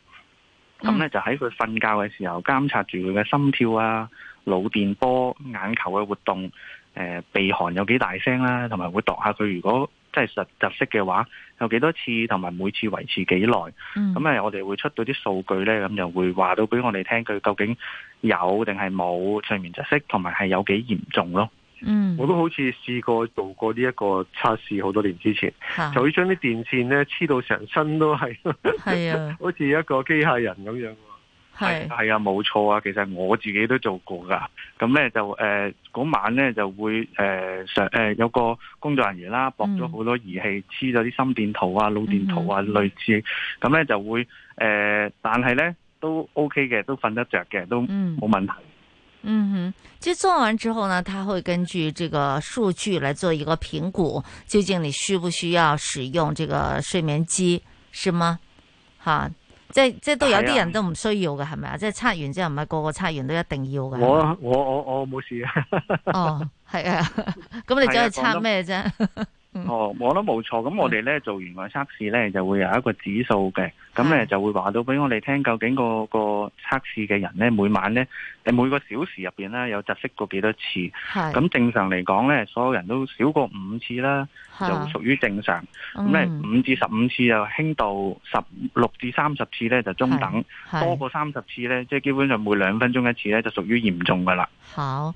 O: 咁咧就喺佢瞓覺嘅時候監察住佢嘅心跳啊、腦電波、眼球嘅活動，誒鼻鼾有幾大聲啦、啊，同埋會度下佢如果。即係實窒息嘅話，有幾多次同埋每次維持幾耐？咁啊、嗯，我哋會出到啲數據呢，咁就會話到俾我哋聽，佢究竟有定係冇睡眠窒息，同埋係有幾嚴重咯。嗯，我
N: 都好似試過做過呢一個測試，好多年之前，啊、就會將啲電線呢黐，到成身都係，係啊， 好似一個機械人咁樣。係
O: 係啊，冇錯啊，其實我自己都做過噶。咁咧就誒、呃嗰、晚咧就會誒、呃、上誒、呃、有個工作人員啦，駁咗好多儀器，黐咗啲心電圖啊、腦電圖啊、嗯、哼類似。咁咧就會誒、呃，但係咧都 OK 嘅，都瞓得着嘅，都冇問題。嗯
H: 哼，即係做完之後呢，佢會根據這個數據來做一個評估，究竟你需唔需要使用這個睡眠機，是嗎？哈、啊？即係即係都有啲人都唔需要嘅，係咪啊？即係測完之後唔係個個測完都一定要㗎？我我我我冇事、 哦、啊。哦， 係啊，咁你走去測咩啫？
O: 嗯、哦，我都冇錯，咁我哋咧、嗯、做完個測試咧，就會有一個指數嘅，咁咧是就會話到俾我哋聽，究竟個個測試嘅人咧，每晚咧，你每個小時入邊咧，有窒息過幾多次？
J: 咁是正
O: 常嚟講咧，所有人都少過五次啦，是就屬於正常。咁咧、嗯，五至十五次就輕度，十六至三十次咧就中等，多過三十次咧，即係基本上每兩分鐘一次咧，就屬於嚴重噶啦。
H: 好。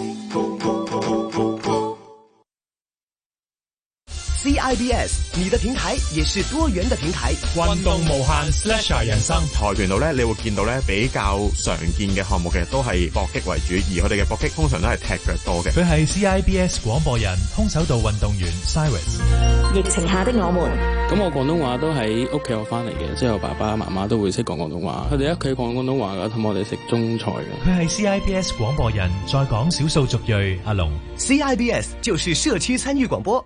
A: CIBS，你的平台也是多元的平台。運動無限，slash 人生。
F: 跆拳道咧，你會見到咧比較常見嘅項目嘅都係搏擊為主，而佢哋嘅搏擊通常都係踢腳多嘅。
A: 佢係 CIBS 廣播人，空手道運動員。Cyrus，疫情下的我們。咁我廣東話都喺屋企學翻嚟嘅，即係我爸爸媽媽都會識講廣東話，佢哋喺屋企講廣東話噶，同我哋食中菜噶。佢係 CIBS 廣播人，再講少數族裔阿龍。
F: CIBS 就是社區參與廣播。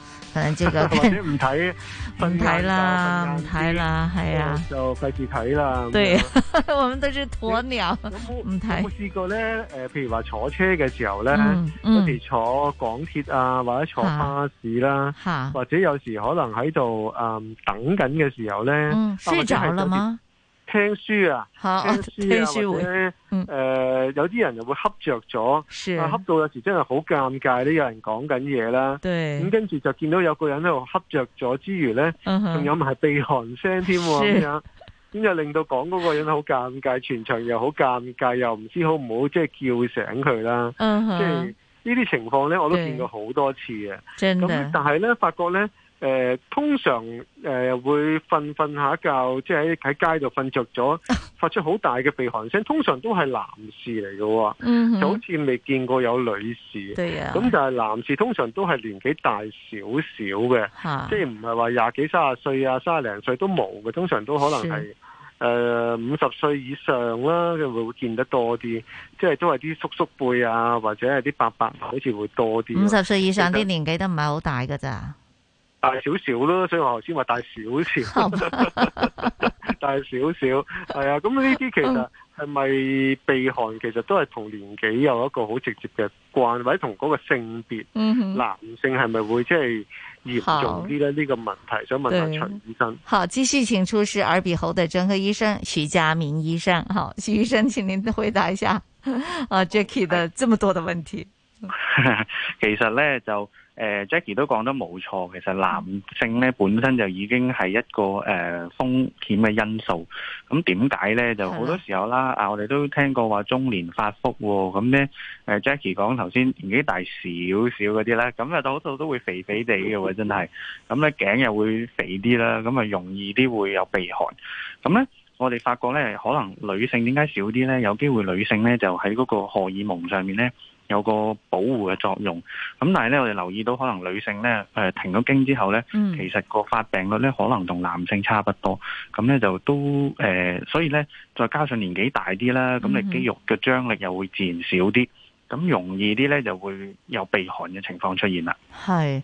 H: 反正這個或者唔睇，瞓睇啦，唔睇啦，係啊，就
N: 費事睇啦。
H: 對，我們都是鴕鳥。唔睇。我試過咧？
N: 誒，譬如話坐車嘅時候咧，有時坐港鐵啊，或者坐巴士啦，或者有時可能喺度誒等緊嘅時候咧，睡着了嗎？聽書啊，聽書啊，或者誒，有啲人又會瞌着咗，瞌到有時真係好尷尬，都有人講緊嘢啦，咁跟住就見到有個人喺度瞌着咗，之餘呢，仲有埋鼻鼾聲添喎，咁就令到講嗰個人好尷尬，全場又好尷尬，又唔知好唔好即係叫醒佢啦，即係呢啲情況呢，我都見過好多次嘅。咁但係呢，發覺呢。誒、呃，通常誒、呃、會瞓瞓下覺，即係喺街度瞓着咗，發出好大嘅鼻鼾聲。 通常都係男士嚟嘅，嗯、哼就好似未見過有女士。咁就係男士，通常都係年紀大少少嘅， 即係唔係話廿幾、三十歲啊、三十零歲都冇嘅。通常都可能係誒五十歲以上啦，會見得多啲。即係都係啲叔叔輩啊，或者係啲伯伯，好似會多啲。五十歲以上啲
H: 年紀都唔係好大噶咋？
N: 大少少咯，所以我頭先話大少少，吧 大少少係啊。咁呢啲其實係咪鼻鼾，其實都係同年紀有一個好直接嘅關，或者同嗰個性別，嗯、哼男性係咪會即係嚴重啲咧？呢好個問題想問下徐醫生。
H: 好，繼續請出示耳鼻喉的專科醫生徐加明醫生。好，徐醫生，請您回答一下啊 Jackie 的這麼多的問題。哎、
N: 其實
O: 咧就。誒 Jacky 都講得冇錯，其實男性咧本身就已經係一個誒、呃、風險嘅因素。咁點解咧？就好多時候啦，的啊，我哋都聽過話中年發福喎、哦。咁咧，Jacky 講頭先年紀大少少嗰啲咧，咁啊多數都會肥肥哋嘅喎，真係。咁咧頸又會肥啲啦，咁啊容易啲會有鼻鼾。咁咧我哋發覺咧，可能女性點解少啲咧？有機會女性咧就喺嗰個荷爾蒙上面咧。有個保護嘅作用，咁但係咧，我哋留意到可能女性咧，誒、呃、停咗經之後咧，嗯、其實個發病率咧可能同男性差不多，咁咧就都誒、呃，所以咧再加上年紀大啲啦，咁、嗯、哼你肌肉嘅張力又會自然少啲，咁容易啲咧就會有鼻鼾嘅情況出現啦。
H: 係。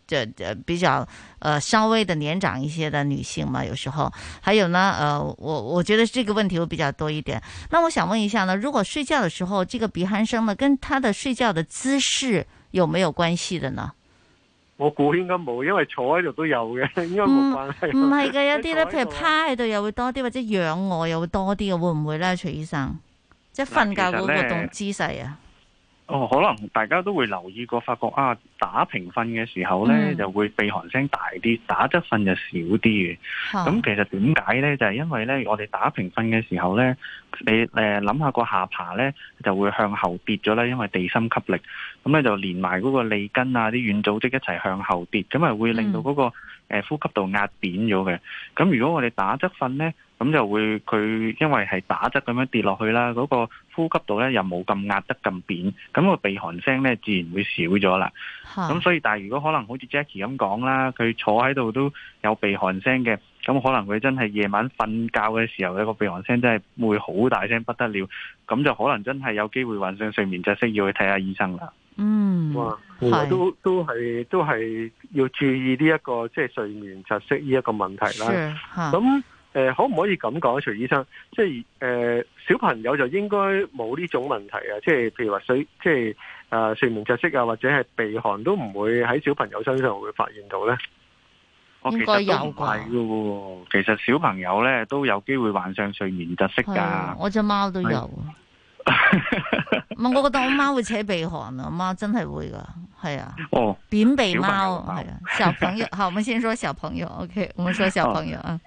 H: 這呃比較呃稍微的年長一些的女性嘛，有時候還有呢呃我我覺得這個問題會比較多一點。那我想問一下呢，如果睡覺的時候這個鼻鼾聲呢，跟她的睡覺的姿勢有沒有關係的呢？
N: 我估應該冇，因為坐喺度都有嘅，應該冇關係。唔係嘅，有啲咧，譬如趴
H: 喺度又會多啲，或者仰臥又會多啲嘅，會唔會咧，徐醫生？即係瞓覺嗰個動姿勢啊？
O: 哦，可能大家都會留意過，發覺啊打平瞓嘅時候呢，嗯、就會鼻鼾聲大啲，打側瞓就少啲嘅。咁、嗯、其實點解呢？就係、是、因為呢，我哋打平瞓嘅時候呢，你誒諗、呃、下個下巴呢，就會向後跌咗啦，因為地心吸力，咁咧就連埋嗰個脷根啊啲軟組織一齊向後跌，咁啊會令到嗰、那個。嗯呼吸道壓扁咗嘅，咁如果我哋打側瞓呢，咁就會佢因為係打側咁樣跌落去啦，嗰、那個呼吸道呢，又冇咁壓得咁扁，咁、那個鼻鼾聲呢，自然會少咗啦。咁、啊、所以，但係如果可能好似 Jacky 咁講啦，佢坐喺度都有鼻鼾聲嘅，咁可能佢真係夜晚瞓覺嘅時候，一、那個鼻鼾聲真係會好大聲不得了，咁就可能真係有機會患上睡眠窒息，要去睇下醫生啦。
N: 嗯，哇是都都係都係要注意呢、這、一個即係、就是、睡眠窒息呢一個問題啦。咁誒是、呃，可唔可以咁講、啊，徐醫生，即係誒、呃，小朋友就應該冇呢種問題啊？即係譬如話睡，即係、呃、睡眠窒息啊，或者係鼻鼾都唔會喺小朋友身上會發現到咧。應該有啩，啊、其實
O: 小朋友咧都有機會患上睡眠窒息噶。我
H: 隻貓都有。 我覺得我媽會扯鼻鼾啊！媽真係會㗎，係啊。哦，扁鼻貓係啊，小朋友， 好，我們先說小朋友，OK，我們說小朋友啊、
O: 哦。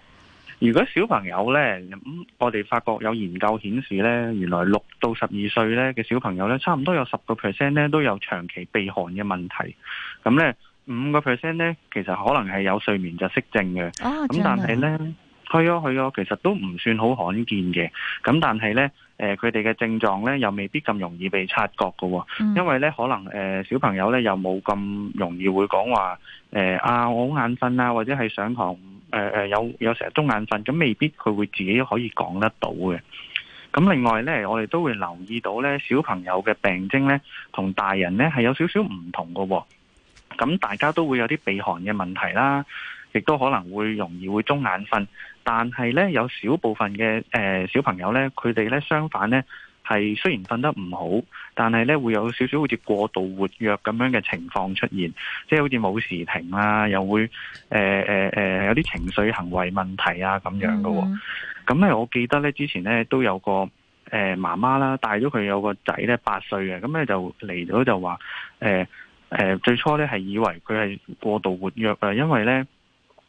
O: 如果小朋友呢，咁我哋發覺有研究顯示呢，原來六到十二歲呢嘅小朋友呢，差唔多有十個 percent 呢都有長期鼻鼾嘅問題。咁呢，五個 percent 呢，其實可能係有睡眠窒息症嘅。哦，咁、嗯、的但係呢。係啊、係啊，其實都唔算好罕見嘅。咁但係呢，誒佢哋嘅症狀呢，又未必咁容易被察覺嘅、哦，嗯、因為呢，可能誒、呃、小朋友呢，又冇咁容易會講話誒啊我好眼瞓啊，或者係上堂誒誒有有成日瞌眼瞓，咁未必佢會自己可以講得到嘅。咁另外呢，我哋都會留意到呢，小朋友嘅病徵呢，同大人呢，係有少少唔同嘅、哦。咁大家都會有啲鼻鼾嘅問題啦。亦都可能會容易會中眼瞓，但係呢，有少部分嘅、呃、小朋友呢，佢哋呢，相反呢，係雖然瞓得唔好，但係呢會有少少好似過度活躍咁樣嘅情況出現，即係好似冇時停啦、啊，又會誒誒、呃呃呃、有啲情緒行為問題啊咁樣嘅喎、哦。咁呢，我記得呢之前呢都有個媽媽、呃、啦，帶咗佢有個仔呢，八歲嘅，咁呢，就嚟到就話最初呢係以為佢係過度活躍啊，因為呢……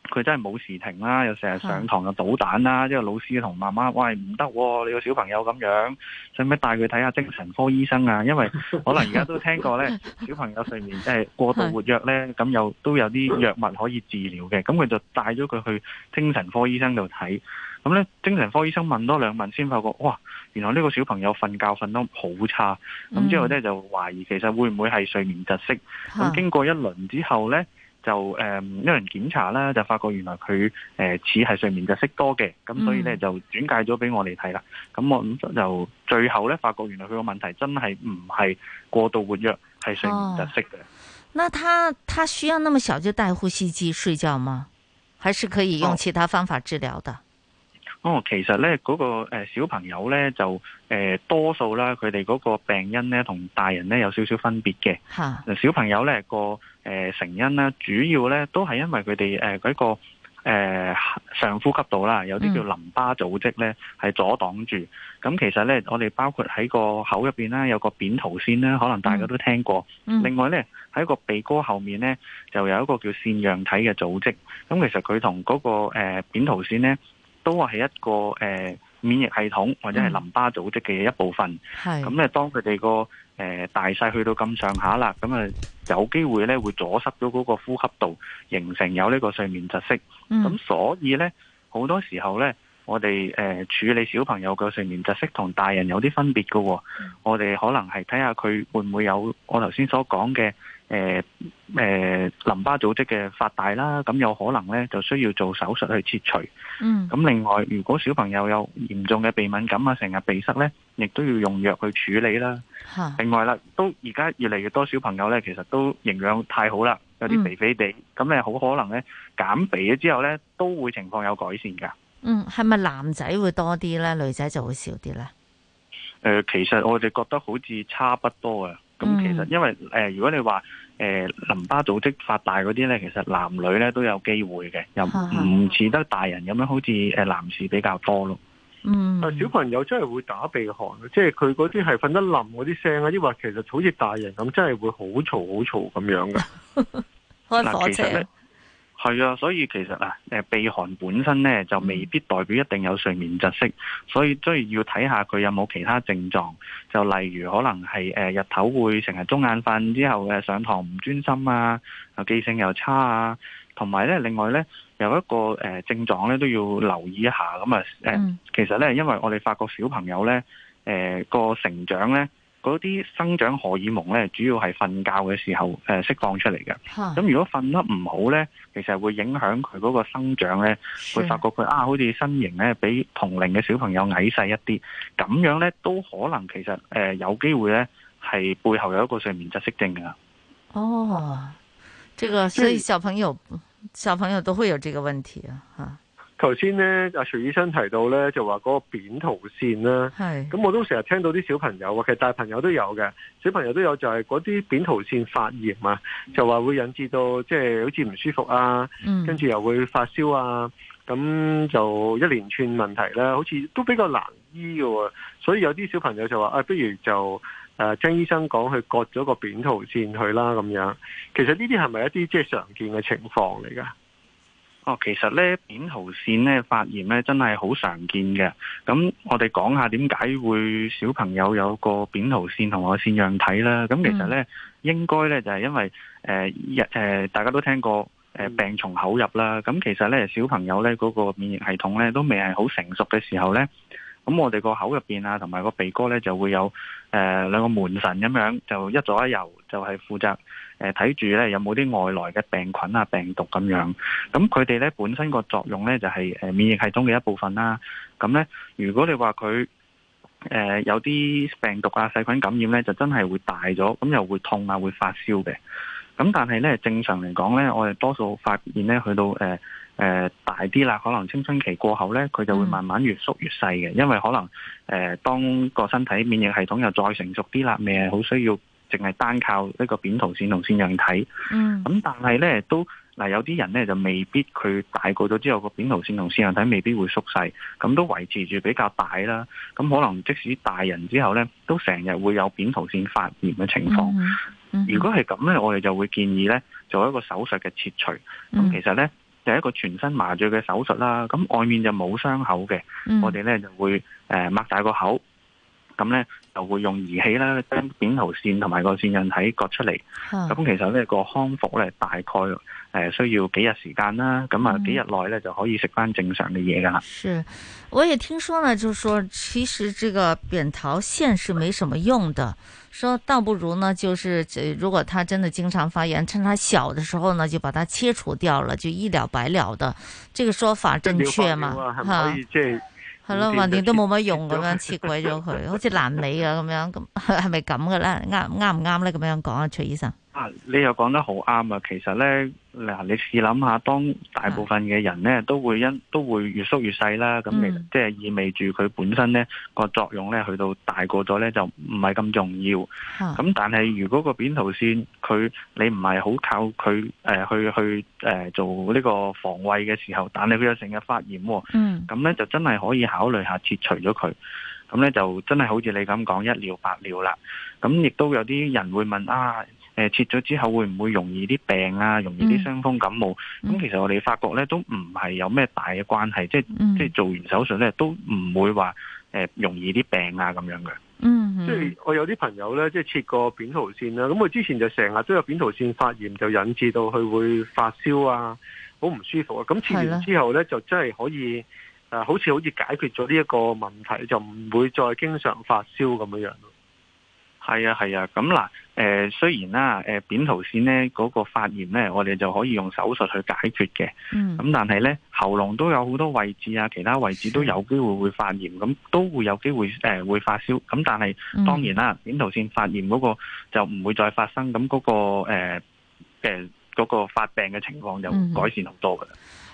O: 佢真係冇時停啦，又成日上堂又搗蛋啦，即係的老師同媽媽：，喂，唔得、哦，你個小朋友咁樣，使唔使帶佢睇下精神科醫生啊？因為可能而家都聽過呢， 小朋友睡眠係過度活躍呢，咁的有都有啲藥物可以治療嘅，咁佢就帶咗佢去精神科醫生度睇。咁呢精神科醫生問多兩問先發覺哇，原來呢個小朋友瞓覺瞓得好差，咁之後呢，就懷疑其實會唔會係睡眠窒息。咁經過一輪之後呢。就誒、嗯，一人檢查啦，就發覺原來佢誒似係睡眠窒息多嘅，咁所以咧、嗯、就轉介咗俾我哋睇啦。咁我咁就最後咧發覺原來佢個問題真係唔係過度活躍，係睡眠窒息。嘅、哦。
H: 那他他需要那麼小就戴呼吸機睡覺嗎？還是可以用其他方法治療的
O: 哦？哦，其實咧嗰、那個誒小朋友咧就誒、呃、多數啦，佢哋嗰個病因咧同大人咧有少少分別嘅。吓哈，小朋友咧、那個。誒、呃、成因啦，主要咧都係因為佢哋誒嗰個、呃、上呼吸道啦，有啲叫淋巴組織咧係、嗯、阻擋住。咁、嗯、其實咧，我哋包括喺個口入面啦，有個扁桃腺咧，可能大家都聽過。嗯、另外咧，喺個鼻哥後面咧，就有一個叫腺樣體嘅組織。咁、嗯嗯、其實佢同嗰個、呃、扁桃腺咧，都係一個誒、呃、免疫系統或者係淋巴組織嘅一部分。係咁咧，當佢哋個誒、呃，大細去到咁上下啦，咁啊有機會咧，會阻塞咗嗰個呼吸道，形成有呢個睡眠窒息。咁、mm. 所以咧，好多時候咧，我哋誒、呃、處理小朋友嘅睡眠窒息同大人有啲分別嘅、哦。Mm. 我哋可能係睇下佢會唔會有我頭先所講嘅。誒誒、呃呃，淋巴組織嘅發大啦，咁有可能咧就需要做手術去切除。嗯，咁另外如果小朋友有嚴重嘅鼻敏感啊，成日鼻塞咧，亦都要用藥去處理啦。吓，另外啦，都而家越嚟越多小朋友咧，其實都營養太好啦，有啲肥肥地，咁係好可能咧減肥咗之後咧，都會情況有改善噶。嗯，
H: 係咪男仔會多啲咧，女仔就會少啲咧？
O: 誒、呃，其實我哋覺得好似差不多啊。咁、嗯、其實因為誒、呃，如果你話誒、呃、淋巴組織發大嗰啲咧，其實男女咧都有機會嘅，又唔似得大人咁樣，好似
N: 誒男士比較多咯。嗯，但小朋友真係會打鼻鼾，即係佢嗰啲係瞓得冧嗰啲聲啊，或者話其實好似大人咁，真係會好嘈好嘈咁樣嘅。
O: 開火車係啊，所以其實啊，
N: 誒，鼻鼾本身咧就未
O: 必代表一定有睡眠窒息，所以都要睇下佢有冇其他症狀，就例如可能係誒、呃、日頭會成日中眼瞓，之後上堂唔專心啊，記性又差啊，同埋咧，另外咧有一個誒、呃、症狀咧都要留意一下，咁啊，誒、呃，嗯、其實咧，因為我哋發覺小朋友咧，誒、呃那個成長咧。嗰啲生長荷爾蒙咧，主要係瞓覺嘅時候誒釋放出嚟嘅。咁、啊、如果瞓得唔好咧，其實會影響佢嗰個生長咧，會發覺佢啊好似身形咧比同齡嘅小朋友矮細一啲，咁樣咧都可能其實誒有機會咧係背後有一個睡眠窒息症㗎。哦，即、
H: 這個所以小朋友以小朋友都會有這個問題啊。
N: 頭先咧，阿徐醫生提到咧，就話嗰個扁桃腺啦、啊，咁是我都成日聽到啲小朋友，其實大朋友都有嘅，小朋友都有就係嗰啲扁桃腺發炎啊，嗯、就話會引致到即係、就是、好似唔舒服啊，嗯、跟住又會發燒啊，咁就一連串問題啦，好似都比較難醫嘅喎，所以有啲小朋友就話啊，不如就誒張、呃、醫生講去割咗個扁桃腺去啦咁樣，其實呢啲係咪一啲即係常見嘅情況嚟噶？哦，其實咧扁桃腺咧發炎
O: 咧真係好常見嘅，咁我哋講下點解會小朋友有個扁桃腺同埋個腺樣體啦。咁其實咧應該咧就係因為誒誒大家都聽過誒病從口入啦。咁其實咧小朋友咧嗰個免疫系統咧都未係好成熟嘅時候咧。咁我哋個口入邊啊，同埋個鼻哥呢，就會有誒兩個門神咁樣，就一左一右，就係負責誒睇住呢有冇啲外來嘅病菌啊、病毒咁樣。咁佢哋呢本身個作用呢，就係誒免疫系統嘅一部分啦。咁呢，如果你話佢誒有啲病毒啊、細菌感染呢，就真係會大咗，咁又會痛啊，會發燒嘅。咁但係呢，正常嚟講呢，我哋多數發現呢，去到誒。誒、呃，大啲啦，可能青春期過後呢，佢就會慢慢越縮越細嘅，嗯、因為可能誒、呃，當個身體免疫系統又再成熟啲啦，未係好需要淨係單靠呢個扁桃腺同腺樣體。
J: 嗯。咁
O: 但係呢，都嗱、呃，有啲人呢，就未必佢大個咗之後個扁桃腺同腺樣體未必會縮細，咁都維持住比較大啦。咁可能即使大人之後呢，都成日會有扁桃腺發炎嘅情況，嗯。嗯。如果係咁呢，我哋就會建議呢，做一個手術嘅切除。咁其實呢。嗯。就係一個全身麻醉嘅手術啦，咁外面就冇傷口嘅，
R: 嗯、我哋咧
O: 就會誒擘、呃、大個口，咁咧就會用儀器啦，將扁桃腺同埋個腺樣體割出嚟。咁哈其實咧個康復咧大概誒需要幾日時間啦，咁啊、嗯、幾日內咧就可以食返正常嘅嘢噶啦。
H: 是，我也聽說呢，就是說其實這個扁桃腺是沒什麼用的。說倒不如呢，就是如果他真的經常發炎，趁他小的時候呢，就把他切除掉了，就一了百了的。這個說法正確嗎啊，母母啊，
N: 啊嘛？
H: 哈啊，係咯，橫掂都冇乜用咁樣切鬼咗佢，好似爛尾啊咁樣。咁係咪咁嘅咧？啱啱唔啱咧？咁樣講啊，徐醫生。
O: 啊！你又講得好啱啊！其實咧，嗱，你試諗下，當大部分嘅人咧都會因都會越縮越細啦，咁其實、嗯、即係意味住佢本身咧個作用咧去到大個咗咧就唔係咁重要。咁、嗯、但係如果個扁桃腺佢你唔係好靠佢、呃、去去、呃、做呢個防衛嘅時候，但係佢有成日發炎、哦，咁咧、嗯、就真係可以考慮下切除咗佢。咁咧就真係好似你咁講一了百了啦。咁亦都有啲人會問啊～切咗之後會唔會容易啲病啊？容易啲傷風感冒？咁、嗯、其實我哋發覺呢，都唔係有咩大嘅關係，即係即係做完手術呢，都唔會話、呃、容易啲病啊咁樣嘅。嗯
N: 哼，即係我有啲朋友呢，即、就、係、是、切過扁桃腺啦，咁佢之前就成日都有扁桃腺發炎，就引致到佢會發燒啊，好唔舒服啊。咁切完之後呢，的就真係可以好似好似解決咗呢一個問題，就唔會再經常發燒咁樣樣呀，
O: 係啊，係啊，咁、嗯、嗱。誒、呃，雖然啦、啊，誒、呃、扁桃腺咧嗰個發炎咧，我哋就可以用手術去解決嘅。嗯，咁但係咧喉嚨都有好多位置啊，其他位置都有機會會發炎，咁都會有機會誒、呃、會發燒。咁但係當然啦、啊，嗯、扁桃腺發炎嗰個就唔會再發生，咁嗰、嗰個誒誒嗰個發病嘅情況就改善好多噶。嗯。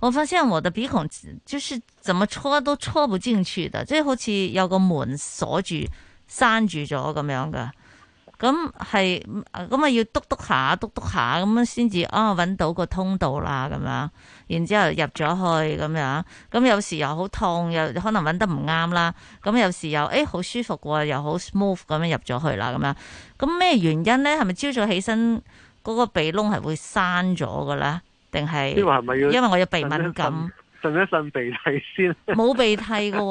H: 我發現我嘅鼻孔就是怎麼搓都搓不進去的，即係好似有個門鎖住、閂住咗咁樣噶。咁係咁啊，要督篤下、督篤下咁樣先至啊，搵到個通道啦咁樣。然之後入咗去咁樣，咁有時又好痛，又可能搵得唔啱啦。咁有時又誒好、哎、舒服喎、啊，又好 smooth 咁樣入咗去啦咁樣。咁咩原因咧？係咪朝早起身嗰、那個鼻窿係會閂咗噶咧？定係，因為我有鼻敏感，
N: 擤一擤鼻涕先。冇
H: 鼻涕嘅，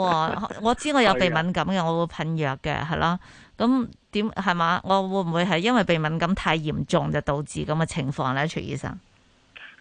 H: 我知我有鼻敏感嘅，我會噴藥嘅，係啦。咁點係嘛？我會唔會係因為鼻敏感太嚴重就導致咁嘅情況咧？徐醫生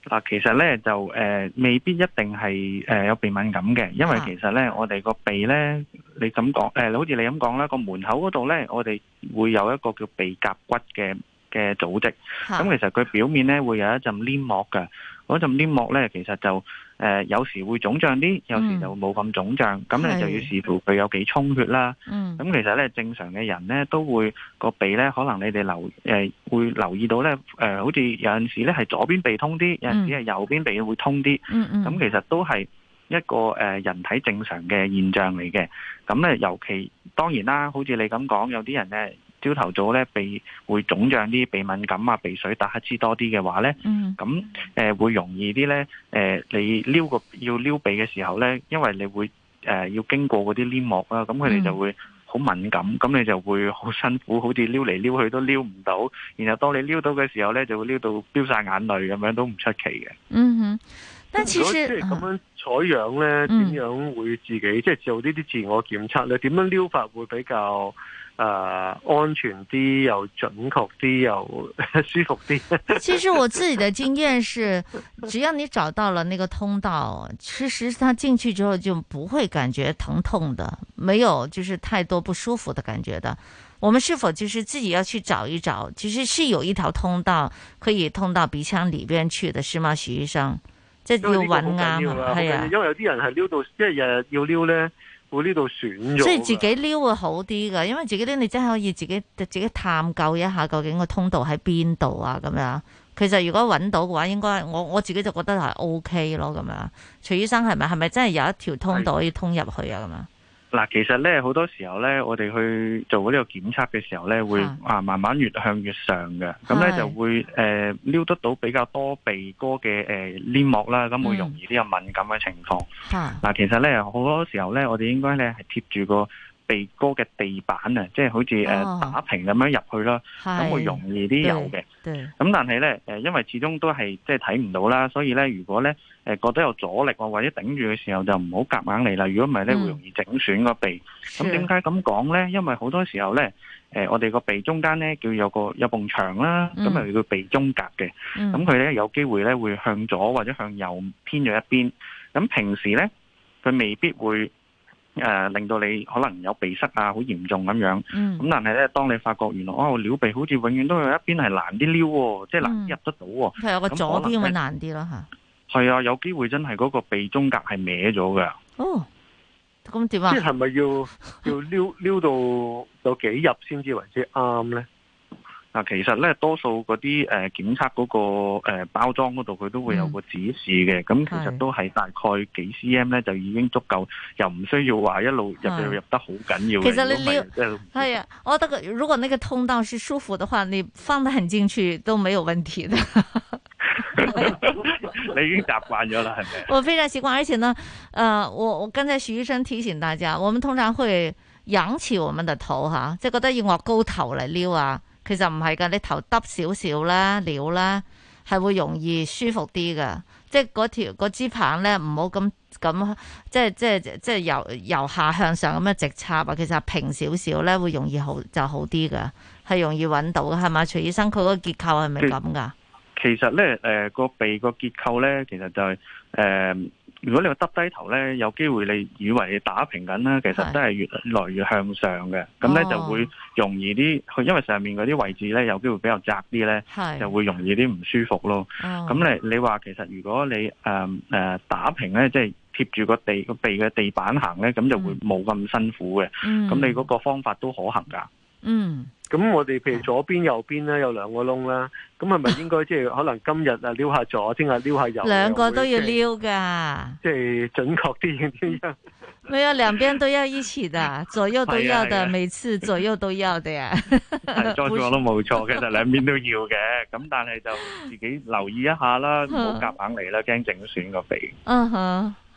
O: 嗱，其實咧就誒、呃，未必一定係誒有鼻敏感嘅，因為其實咧我哋個鼻咧，你咁講，誒、呃，好似你咁講咧個門口嗰度咧，我哋會有一個叫鼻甲骨嘅嘅組織，咁的其實佢表面咧會有一陣黏膜嘅。嗰陣黏膜咧，其實就誒有時會腫脹啲，有時就冇咁腫脹，咁咧就要視乎佢有幾充血啦。咁其實咧，正常嘅人咧都會個鼻咧，可能你哋留誒會留意到咧，誒好似有陣時咧係左邊鼻通啲，有陣時係右邊鼻會通啲。咁其實都係一個誒人體正常嘅現象嚟嘅。咁咧，尤其當然啦，好似你咁講，有啲人咧，朝頭早咧，鼻會腫脹啲，鼻敏感啊，鼻水打乞嗤多啲嘅話咧，咁誒、mm hmm. 呃、會容易啲咧誒，你撩個要撩鼻嘅時候咧，因為你會誒、呃、要經過嗰啲黏膜啦，咁佢哋就會好敏感，咁、mm hmm. 你就會好辛苦，好似撩嚟撩去都撩唔到，然後當你撩到嘅
N: 時候咧，就會撩到飆晒眼淚咁樣都唔出奇嘅。嗯
J: 哼、mm，hmm. 但其實即係咁
N: 樣採樣咧，點、mm hmm. 樣會自己即係、就是、做呢啲自我檢測咧？點樣撩法會比較？呃、安全啲又準確啲又呵呵
H: 舒服啲。 其實我自己的經驗是，只要你找到了那個通道，其實佢進去之後就不會感覺疼痛的，沒有就是太多不舒服的感覺的。我們是否就是自己要去找一找？其實是有一條通道可以通到鼻腔裏邊去的，是嗎，徐醫生？這有彎啊，係啊，啊。因為有啲人係撩
N: 到，即係日日要撩咧。會呢度選咗，所以自己
H: 撩會好啲噶，因為自己撩你真係可以自己自己探究一下究竟個通道喺邊度啊，咁樣。其實如果搵到嘅話，應該我我自己就覺得係 O K 咯，咁樣。徐醫生係咪係咪真係有一條通道可以通入去啊，咁樣？
O: 嗱，其實咧好多時候咧，我哋去做呢個檢測嘅時候咧，會啊慢慢越向越上嘅，咁咧的就會誒撩、呃、得到比較多鼻哥嘅誒黏膜啦，咁會容易啲有敏感嘅情況。
J: 嗱的，其實
O: 咧好多時候咧，我哋應該咧係貼住個鼻哥嘅地板啊，即係好似誒、oh, 呃，打平咁樣入去啦，
J: 咁是會容
O: 易啲有嘅。咁但係呢，誒，因為始終都係即係睇唔到啦，所以呢，如果呢誒、呃、覺得有阻力啊或者頂住嘅時候，就唔好夾硬嚟啦。如果唔係呢，嗯、會容易整損個鼻。咁點解咁講呢？因為好多時候呢，誒、呃，我哋個鼻中間呢，叫有個有埲牆啦，咁咪、嗯、叫鼻中隔嘅。咁佢、嗯、呢，有機會呢會向左或者向右偏咗一邊。咁平時呢，佢未必會。誒、呃，令到你可能有鼻塞啊，好嚴重咁樣。咁、嗯、但係咧，當你發覺原來哦，撩鼻好似永遠都有一邊係難啲撩、哦，嗯、即係難啲入得到、哦。係有個左邊會
H: 難啲咯，吓。
O: 係啊，有機會真係嗰個鼻中隔係歪咗嘅。
H: 哦，咁點啊？即係咪要要撩撩，
N: 撩到有幾入先至為之啱咧？ 嗱，其實咧，多數嗰啲
O: 誒檢測嗰個、呃、包裝嗰度，佢都會有個指示嘅。咁、嗯、其實都係大概幾 cm 咧，是就已經足夠，又唔需要話一路入入入，入，入得好緊要。其實你撩，
H: 即係啊，我覺得如果呢個通道是舒服的話，你放得很進去都沒有問題的。
O: 你已經習慣咗啦，係咪？
H: 我非常習慣，而且呢，呃，我我剛才徐醫生提醒大家，我們通常會仰起我們的頭，嚇，即係覺得要我高頭嚟撩啊！其實唔係噶，你頭耷少少啦，料啦，係會容易舒服啲噶。即係嗰條支棒咧，唔好咁咁，即係即係即係由由下向上咁樣直插啊。其實平少少咧，會容易好就好啲噶，係容易揾到嘅，係嘛？徐醫生佢個結構係咪咁噶？
O: 其實咧，誒、呃、個鼻個結構咧，其實就係、是、誒。呃如果你個耷低頭咧，有機會你以為你打平緊呢，其實都係越來越向上嘅，咁咧是就會容易啲去，因為上面嗰啲位置咧有機會比較窄啲咧，是就會容易啲唔舒服咯。咁、嗯、你你話其實如果你誒、呃、打平咧，即係貼住個地個鼻嘅地板行咧，咁就會冇咁辛苦嘅。咁、嗯、你嗰個
N: 方法都可行噶。嗯，咁我哋譬如左邊、右邊咧有兩個窿啦，咁係咪應該即係可能今日啊撩下左，聽日撩下右，兩個都要
H: 撩噶？
N: 即係準確啲啲。
H: 沒有兩邊都要一起的，左右都要嘅，每次左右都要嘅呀。再子我
O: 都
N: 冇錯嘅，其實兩邊都要嘅，咁
O: 但係就自己留意一下啦，唔好夾硬嚟啦，驚整損個鼻。嗯，
H: 哼。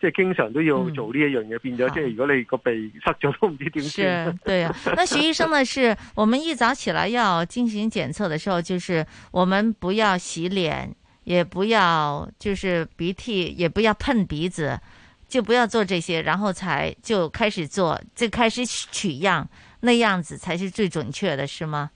N: 即係經常都要做呢一樣嘢，嗯、變咗即係，如果你個鼻塞咗好都唔知點算。是，對啊。那徐醫生
H: 呢？是 我們一早起來要進行檢測的時候，就是我們不要洗臉，也不要就是鼻涕，也不要碰鼻子，就不要做這些，然後才就開始做，就開始取樣，那樣子才是最準確的，是嗎？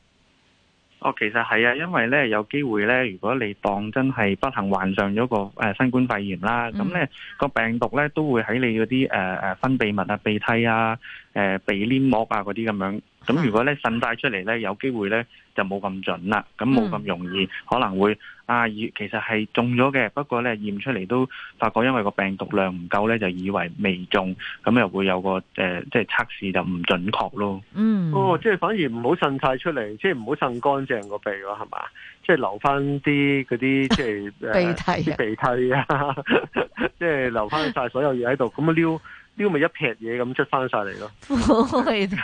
O: 哦，其實係啊，因為咧有機會咧，如果你當真係不幸患上咗個誒、呃、新冠肺炎啦，咁咧、嗯、個病毒咧都會喺你嗰啲誒誒分泌物啊、鼻涕啊、誒鼻黏膜啊嗰啲咁樣，咁如果咧滲帶出嚟咧，有機會咧就冇咁準啦，咁冇咁容易、嗯、可能會。啊！其實係中咗嘅，不過咧驗出嚟都發覺因為個病毒量唔夠咧，就以為未中，咁又會有個誒、呃，即係測試就唔準確咯。嗯，
N: 哦，即係反而唔好擤曬出嚟，即係唔好擤乾淨個鼻咯，係嘛？即係留翻啲嗰啲即係鼻涕啊，啲鼻涕啊，涕啊，呵呵，即係留翻晒所有嘢喺度，咁啊撩。呢咪一撇嘢咁出翻晒嚟咯，
H: 唔會嘅。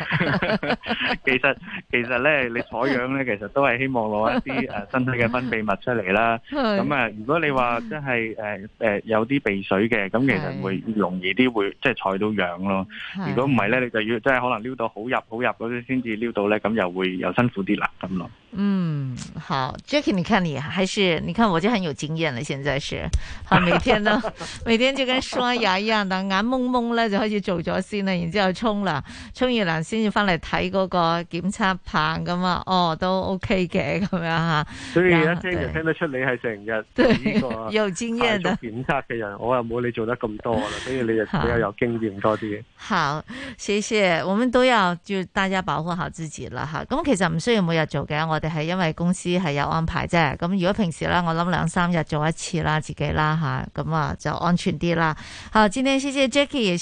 N: 其實其實咧，你採樣咧，其實都係希望攞一啲誒身體嘅分泌物
O: 出嚟啦。咁啊、 嗯，如果你話真係誒誒有啲鼻水嘅，咁其實會容易啲會 即係採到樣咯。如果唔係咧，你就要即係可能撩到好入好入嗰啲先至撩到咧，咁又會又辛苦啲啦咁咯。 嗯，
H: 好，Jackie，你看你還是，你看我就很有經驗啦。現在是，我每天都 每天就跟刷牙一樣，的眼蒙蒙就開始做咗先啦，然之後沖涼，沖完涼先要翻嚟睇嗰個檢測棒咁啊，哦都 OK 嘅咁樣吓。所以而家聽就
N: 聽得出你係成日呢個做檢測嘅人，又我又冇你做得咁多啦，所以你
H: 又比較有經驗好多啲。好，謝謝，我們都有要叫大家保護好自己啦吓。咁其實唔需要每日做嘅，我哋係因為公司係有安排啫。咁如果平時咧，我諗兩三日做一次啦，自己啦吓，咁啊就安全啲啦。好，今天謝謝 Jackie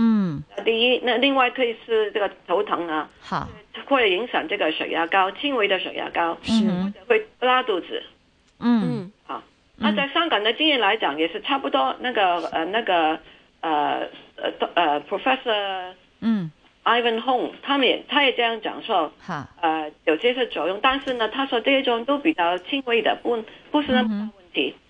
H: 嗯，
I: 第一，那另外可以是這個頭疼啊，哈好，會影響這個血壓高，輕微的血壓高，嗯是，或者會拉肚子，嗯，好，那、嗯啊、在香港的經驗來講，也是差不多，那個呃那個，呃呃誒、呃、Professor，嗯，Ivan Hong 他們也，他也這樣講說，哈好，呃，有這些作用，但是呢，他說這些都比較輕微的，不，不是那麼大問題。嗯